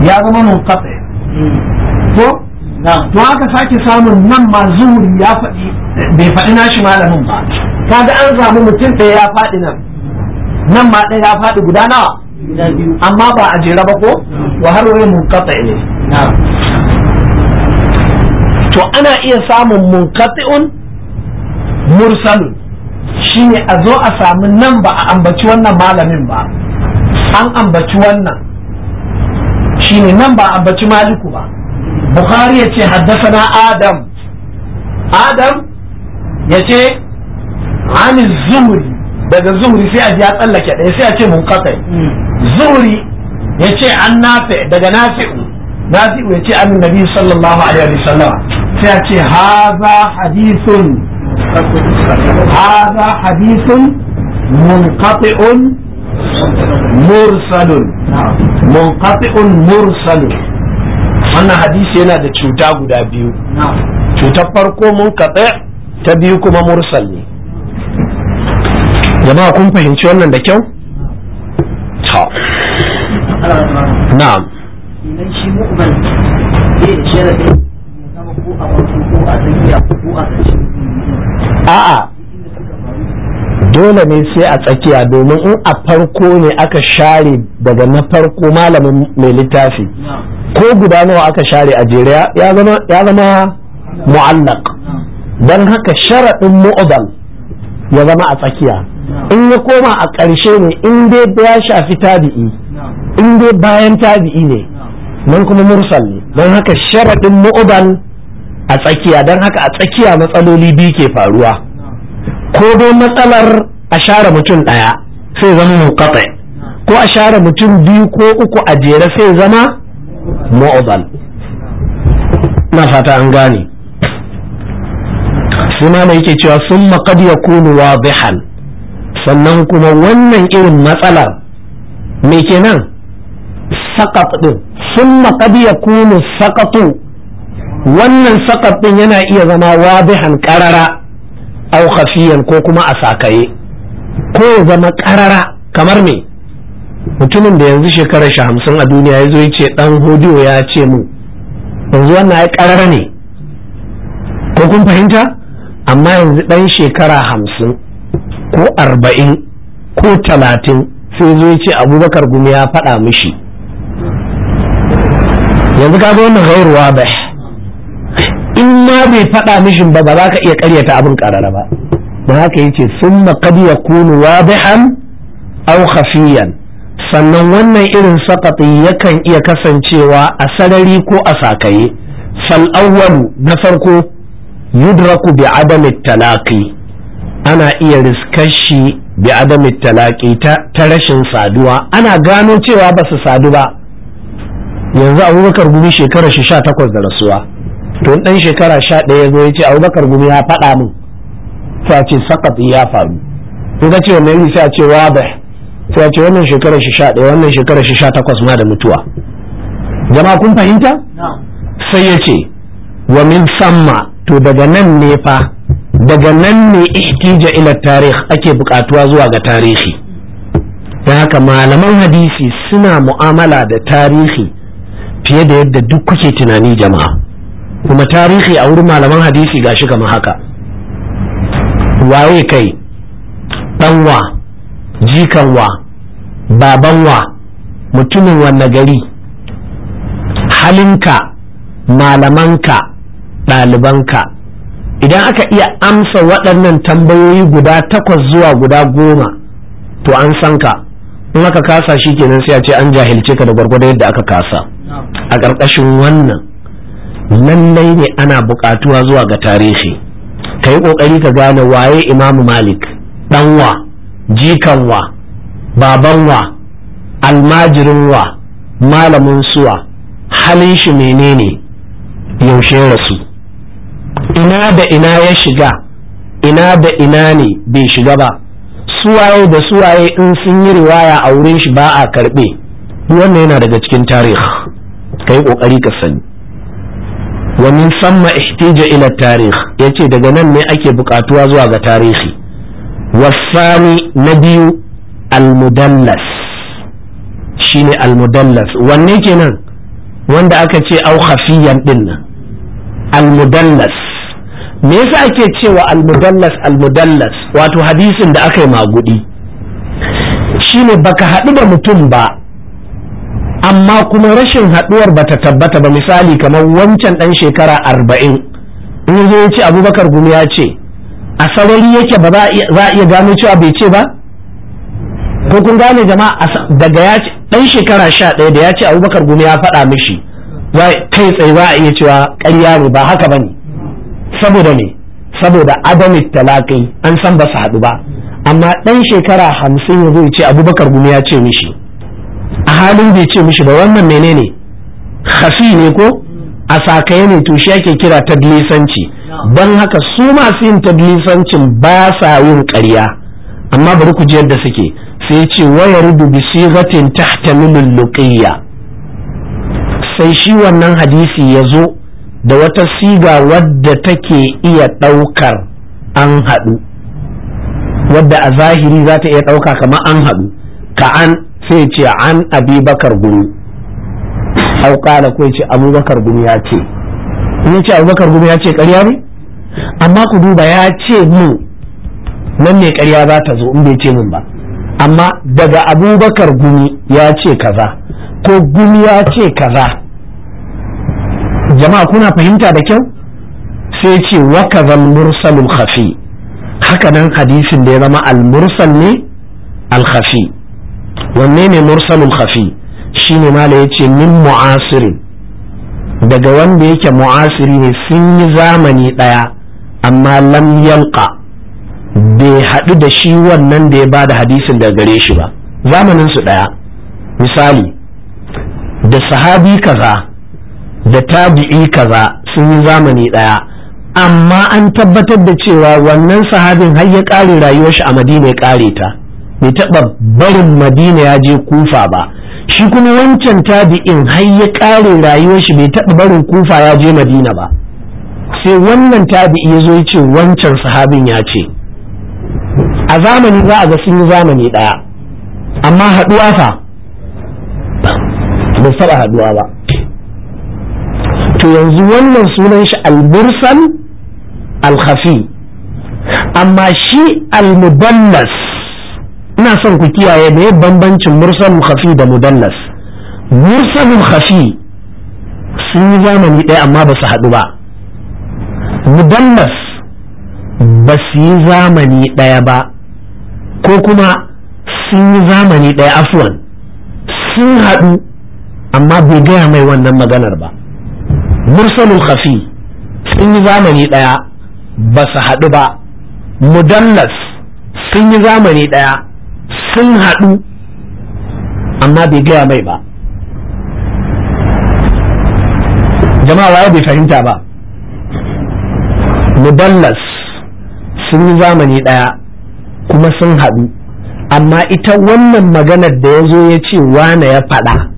ya zama mun kafa ko to haka sake samun nan ma zuhuri ya faɗi bai faɗi nashi malamin ba kaga an samu mutum ɗaya ya faɗi nan nan ma ɗaya ya faɗi guda nawa amma ba a jera ba ko wa har wani munkata ne to ana iya samun munkati'un mursalun shine a zo a samu nan ba a ambaci wannan malamin ba an ambaci wannan shine nan ba a ambaci maliku ba bukhari ya ce haddasa adam adam ya ce عن daga zuhuri sai a ji ya tsallake ɗaya sai a ce mun kasai zuhuri ya ce an nafe daga nafi'u nafi'u ya ce an nabi sallallahu alaihi wa sallam sai a ce haza hadithun haza hadithun munqati'un mursalun munqati'un mursalun wannan hadisi yana da cuta guda biyu cutar farko mun ta biyu kuma mursal ne jama'a kun fahimci wannan da kyau ta na'am a'a dole ne sai a tsakiya domin in a farko ne aka share daga na farko malamin mai littafi ko guda nawa aka share a jere ya zama mu'allak don haka sharaɗin mu'adal ya zama a tsakiya in ya koma a ƙarshe ne in dai ya shafi tabi'i in dai bayan tabi'i ne nan kuma mursal ne don haka sharaɗin mu'uban a tsakiya don haka a tsakiya matsaloli biyu ke faruwa ko dai matsalar a share mutum ɗaya sai zama muqata ko a share mutum biyu ko uku a jere sai zama mu'uban na fata an gane suna mai yake cewa sun qad yakunu sannan kuma wannan irin matsalar me kenan sakat din maƙad ya kunu sakatu wannan sakat din yana iya zama wa karara aw khafiyan ko kuma a sakaye ko zama ƙarara kamar me mutumin da yanzu shekarar shi hamsin a duniya ya zo ya ce dan hodiyo ya ce mu yanzu wannan ya karara ne ko kun fahimta amma yanzu ɗan shekara hamsin ko arba'in ko talatin sai zo ce abubakar gumi ya faɗa mishi yanzu ka ga wannan gairuwa ba in ma bai faɗa mishin ba ba za ka iya karyata abin karara ba don haka yi ce sun maƙad ya kunu wadihan au khafiyan sannan wannan irin sakatin yakan iya kasancewa a sarari ko a sakaye fal na farko yudraku bi adami talaqi ana iya riskashi shi bi adami talaqi ta rashin saduwa ana gano cewa ba su sadu ba yanzu abubakar gumi shekara shi sha takwas da rasuwa to dan shekara sha ɗaya ya zo ya ce abubakar gumi ya faɗa min sai ce sakat ya faru sai ka ce wannan sai ce wabih sai ce wannan shekara shi sha ɗaya wannan shekara shi sha takwas ma da mutuwa jama'a kun fahimta sai ya ce wa min samma to daga nan ne fa daga nan ne ihtija ila tarih ake bukatuwa zuwa ga tarihi da haka malaman hadisi suna mu'amala da tarihi fiye da yadda duk kuke tunani jama'a kuma tarihi a wurin malaman hadisi gashi kamar haka waye kai ɗanwa jikanwa babanwa mutumin wanne gari halinka malamanka ɗalibanka idan aka iya amsa waɗannan tambayoyi guda takwas zuwa guda goma to an san ka in aka kasa shi kenan sai a ce an jahilce ka da gwargwadon yadda aka kasa a ƙarƙashin wannan lallai ne ana buƙatuwa zuwa ga tarihi ka yi ƙoƙari ka gane waye imamu malik ɗanwa jikanwa babanwa almajirinwa malamin suwa halin shi menene yaushe rasu ina da ina ya shiga ina da ina ne bai shiga ba suwaye da suwaye in sun yi riwaya a wurin shi ba a karɓe wannan yana daga cikin tarihi ka yi ƙoƙari ka sani wa min samma ihtija ila tarih yace daga nan ne ake bukatuwa zuwa ga tarihi wasani na biyu almudallas shine almudallas wanne kenan wanda aka ce au khafiyan din nan almudallas me yasa ake cewa almudallas almudallas wato hadisin da aka yi magudi shine baka haɗu da mutum ba amma kuma rashin haɗuwar bata tabbata ba misali kamar wancan ɗan shekara arba'in in zo ya ce abubakar gumi ya ce a sarari yake ba za a iya gano cewa bai ce ba ko kun gane jama'a daga ya ce ɗan shekara sha ɗaya da ya ce abubakar gumi ya faɗa mishi kai tsaye za a iya cewa ƙarya ne ba haka ba ne saboda ne saboda adamin talaƙi an san ba su haɗu ba amma ɗan shekara hamsin ya zai ce abubakar gumi ya ce mishi a halin bai ce mishi ba wannan menene hasi ne ko a sakaye ne to shi ake kira tadlisanci don haka su masu yin tadlisancin ba sa yin karya amma bari ku ji yadda suke sai ce wayar rubu bi sigatin tahtamilu luqiyya sai shi wannan hadisi ya zo da wata siga wadda take iya ɗaukar an haɗu wadda a zahiri za ta iya ɗauka kamar an haɗu ka an sai ce an abubakar gumi au kala ko ce abubakar gumi ya ce in ce abubakar gumi ya ce ƙarya ne amma ku duba ya ce mu nan ne ƙarya za ta zo in bai ce min ba amma daga abubakar gumi ya ce kaza ko gumi ya ce kaza jama'a kuna fahimta da kyau sai ce wa kazal mursalul khafi haka nan hadisin da ya zama al mursal ne al khafi wanne ne mursalul khafi shine mala yace min mu'asirin daga wanda yake mu'asiri ne sun yi zamani daya amma lam yalqa bai haɗu da shi wannan da ya ba da hadisin da gare shi ba zamanin su daya misali da sahabi kaza da tabi'i kaza sun yi zamani ɗaya amma an tabbatar da cewa wannan sahabin har ya kare rayuwar a madina ya ƙare ta bai taɓa barin madina ya je kufa ba shi kuma wancan tabi'in har ya kare rayuwarshi bai taba barin kufa ya je madina ba sai wannan tabi'i ya zo ya ce wancan sahabin ya ce a zamani za a ga sun yi zamani ɗaya amma haɗuwa fa ba haɗuwa ba to yanzu wannan sunan shi al-mursal al-khafi amma shi al-mudallas ina son ku kiyaye me bambancin mursal khafi da mudallas mursal khafi sun yi zamani ɗaya amma ba su haɗu ba mudallas ba su yi zamani ɗaya ba ko kuma sun yi zamani ɗaya afuwan sun haɗu amma bai gaya mai wannan maganar ba mursalul khafi sun yi zamani ɗaya ba su haɗu ba mudallas sun yi zamani ɗaya sun haɗu amma bai gaya mai ba jama'a waye bai fahimta ba mudallas sun yi zamani ɗaya kuma sun haɗu amma ita wannan maganar da ya zo ya ce wane ya faɗa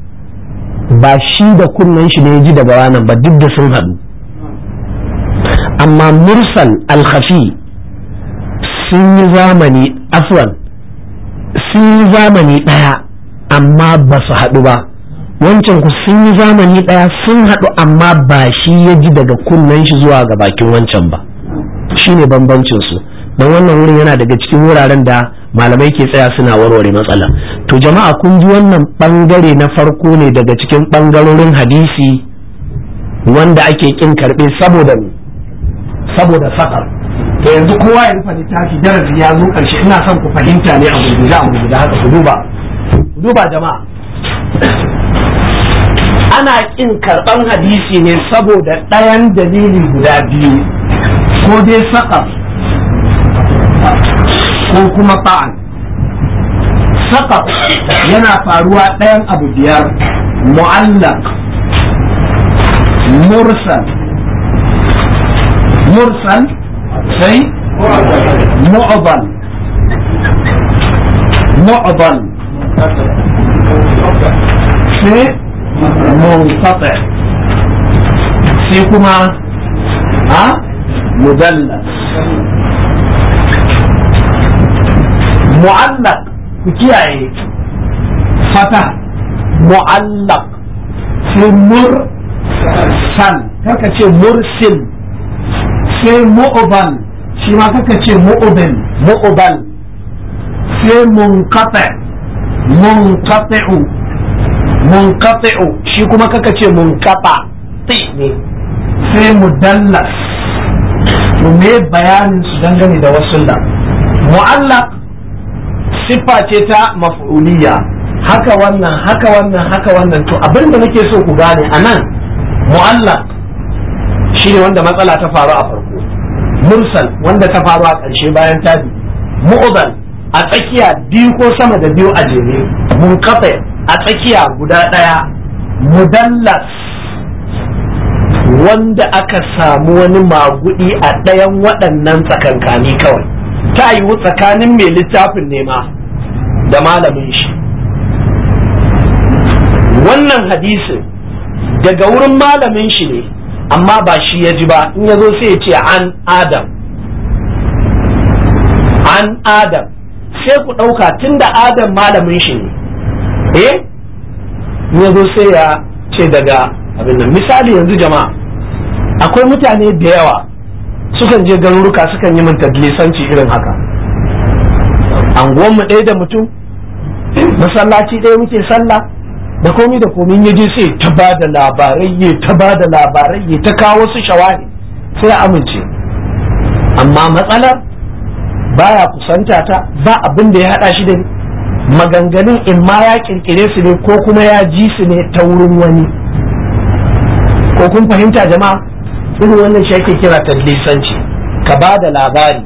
ba shi da kunnen shi ne ya ji daga wannan ba duk da sun haɗu amma mursal alkhafi sun yi zamani afwan sun yi zamani ɗaya amma ba su haɗu ba wancan ku sun yi zamani ɗaya sun haɗu amma ba shi ya ji daga kunnen shi zuwa ga bakin wancan ba shine bambancin su don wannan wurin yana daga cikin wuraren da malamai ke tsaya suna warware matsala to jama'a kun ji wannan bangare na farko ne daga cikin bangarorin hadisi wanda ake kin karbe saboda ne saboda sakar to yanzu kowa ya rufe littafi darasi ya zo karshe ina son ku fahimta ne a za a da haka ku duba ku duba jama'a ana kin karban hadisi ne saboda ɗayan dalili guda biyu ko dai sakar ko kuma ta'an saƙaf yana faruwa ɗayan abu biyar mu'allaq mursal mursal sai mu'adal mu'adal sai munqati sai kuma a mudallas mu'allaq ku kiyaye fata mu'allaq sai mursal karka ce mursil sai mu'bal shi ma karka ce mu'bal mu'bal sai munqati munqati'u munqati'u shi kuma karka ce munqata ne sai mudallas to me bayanin su dangane da wasu da mu'allaq siffa ce ta maf'uliyya haka wannan haka wannan haka wannan to abin da nake so ku gane a nan shi ne wanda matsala ta faru a farko mursal wanda ta faru a ƙarshe bayan tabi mu'udal a tsakiya biyu ko sama da biyu a jere munqati a tsakiya guda ɗaya mudallas wanda aka samu wani magudi a ɗayan waɗannan tsakankani kawai ta yiwu tsakanin mai littafin nema da malamin shi wannan hadisin daga wurin malamin shi ne amma ba shi ya ji ba in ya zo sai ya ce an adam an adam sai ku ɗauka tun da adam malamin shi ne eh in ya zo sai ya ce daga abin nan misali yanzu jama'a akwai mutane da yawa sukan je garuruka sukan yi min tadlisanci irin haka anguwanmu ɗaya da mutum masallaci ɗaya muke sallah da komi da komi ya je sai ta ba da labarai ya ta ba da labarai ya ta kawo wasu shawari sai ya amince amma matsalar baya kusanta ta ba abin da ya haɗa shi da maganganun in ma ya kirkire su ne ko kuma ya ji su ne ta wurin wani ko kun fahimta jama'a irin wannan shi ake kira tadlisanci ka ba da labari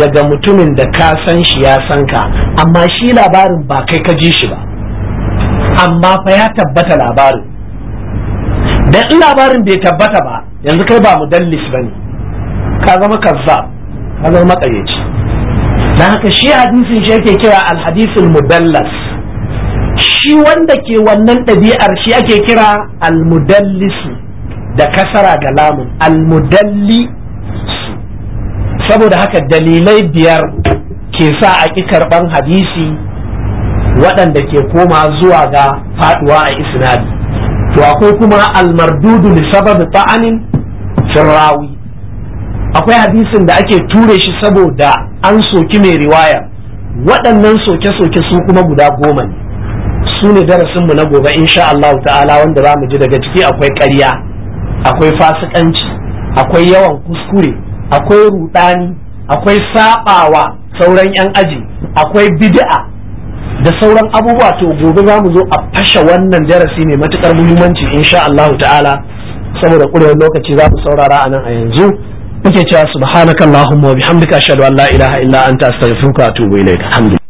daga mutumin da ka san shi ya san ka amma shi labarin ba kai ka ji shi ba amma fa ya tabbata labarin dan in labarin bai tabbata ba yanzu kai ba mudallis ne ka zama kaza ka zama makayyaci dan haka shi hadisin shi ake kira alhadisul mudallas shi wanda ke wannan ɗabi'ar shi ake kira almudallisu da kasara ga lamun almudalli saboda haka dalilai biyar ke sa a ƙi karɓan hadisi waɗanda ke koma zuwa ga faɗuwa a isnadi to akwai kuma almardudu li sababi ta'anin firrawi akwai hadisin da ake ture shi saboda an soki mai riwaya waɗannan soke-soke su kuma guda goma ne su ne darasinmu na gobe insha Allah ta'ala wanda za mu ji daga ciki akwai ƙarya akwai fasikanci akwai yawan kuskure akwai rudani akwai sabawa sauran yan aji akwai bid'a da sauran abubuwa to gobe za mu zo a fashe wannan darasi mai matukar muhimmanci insha Allah ta'ala saboda kurewar lokaci za mu saurara a nan a yanzu muke cewa subhanakallahumma wa bihamdika ashhadu an la ilaha illa anta astaghfiruka wa atubu ilaik alhamdulillah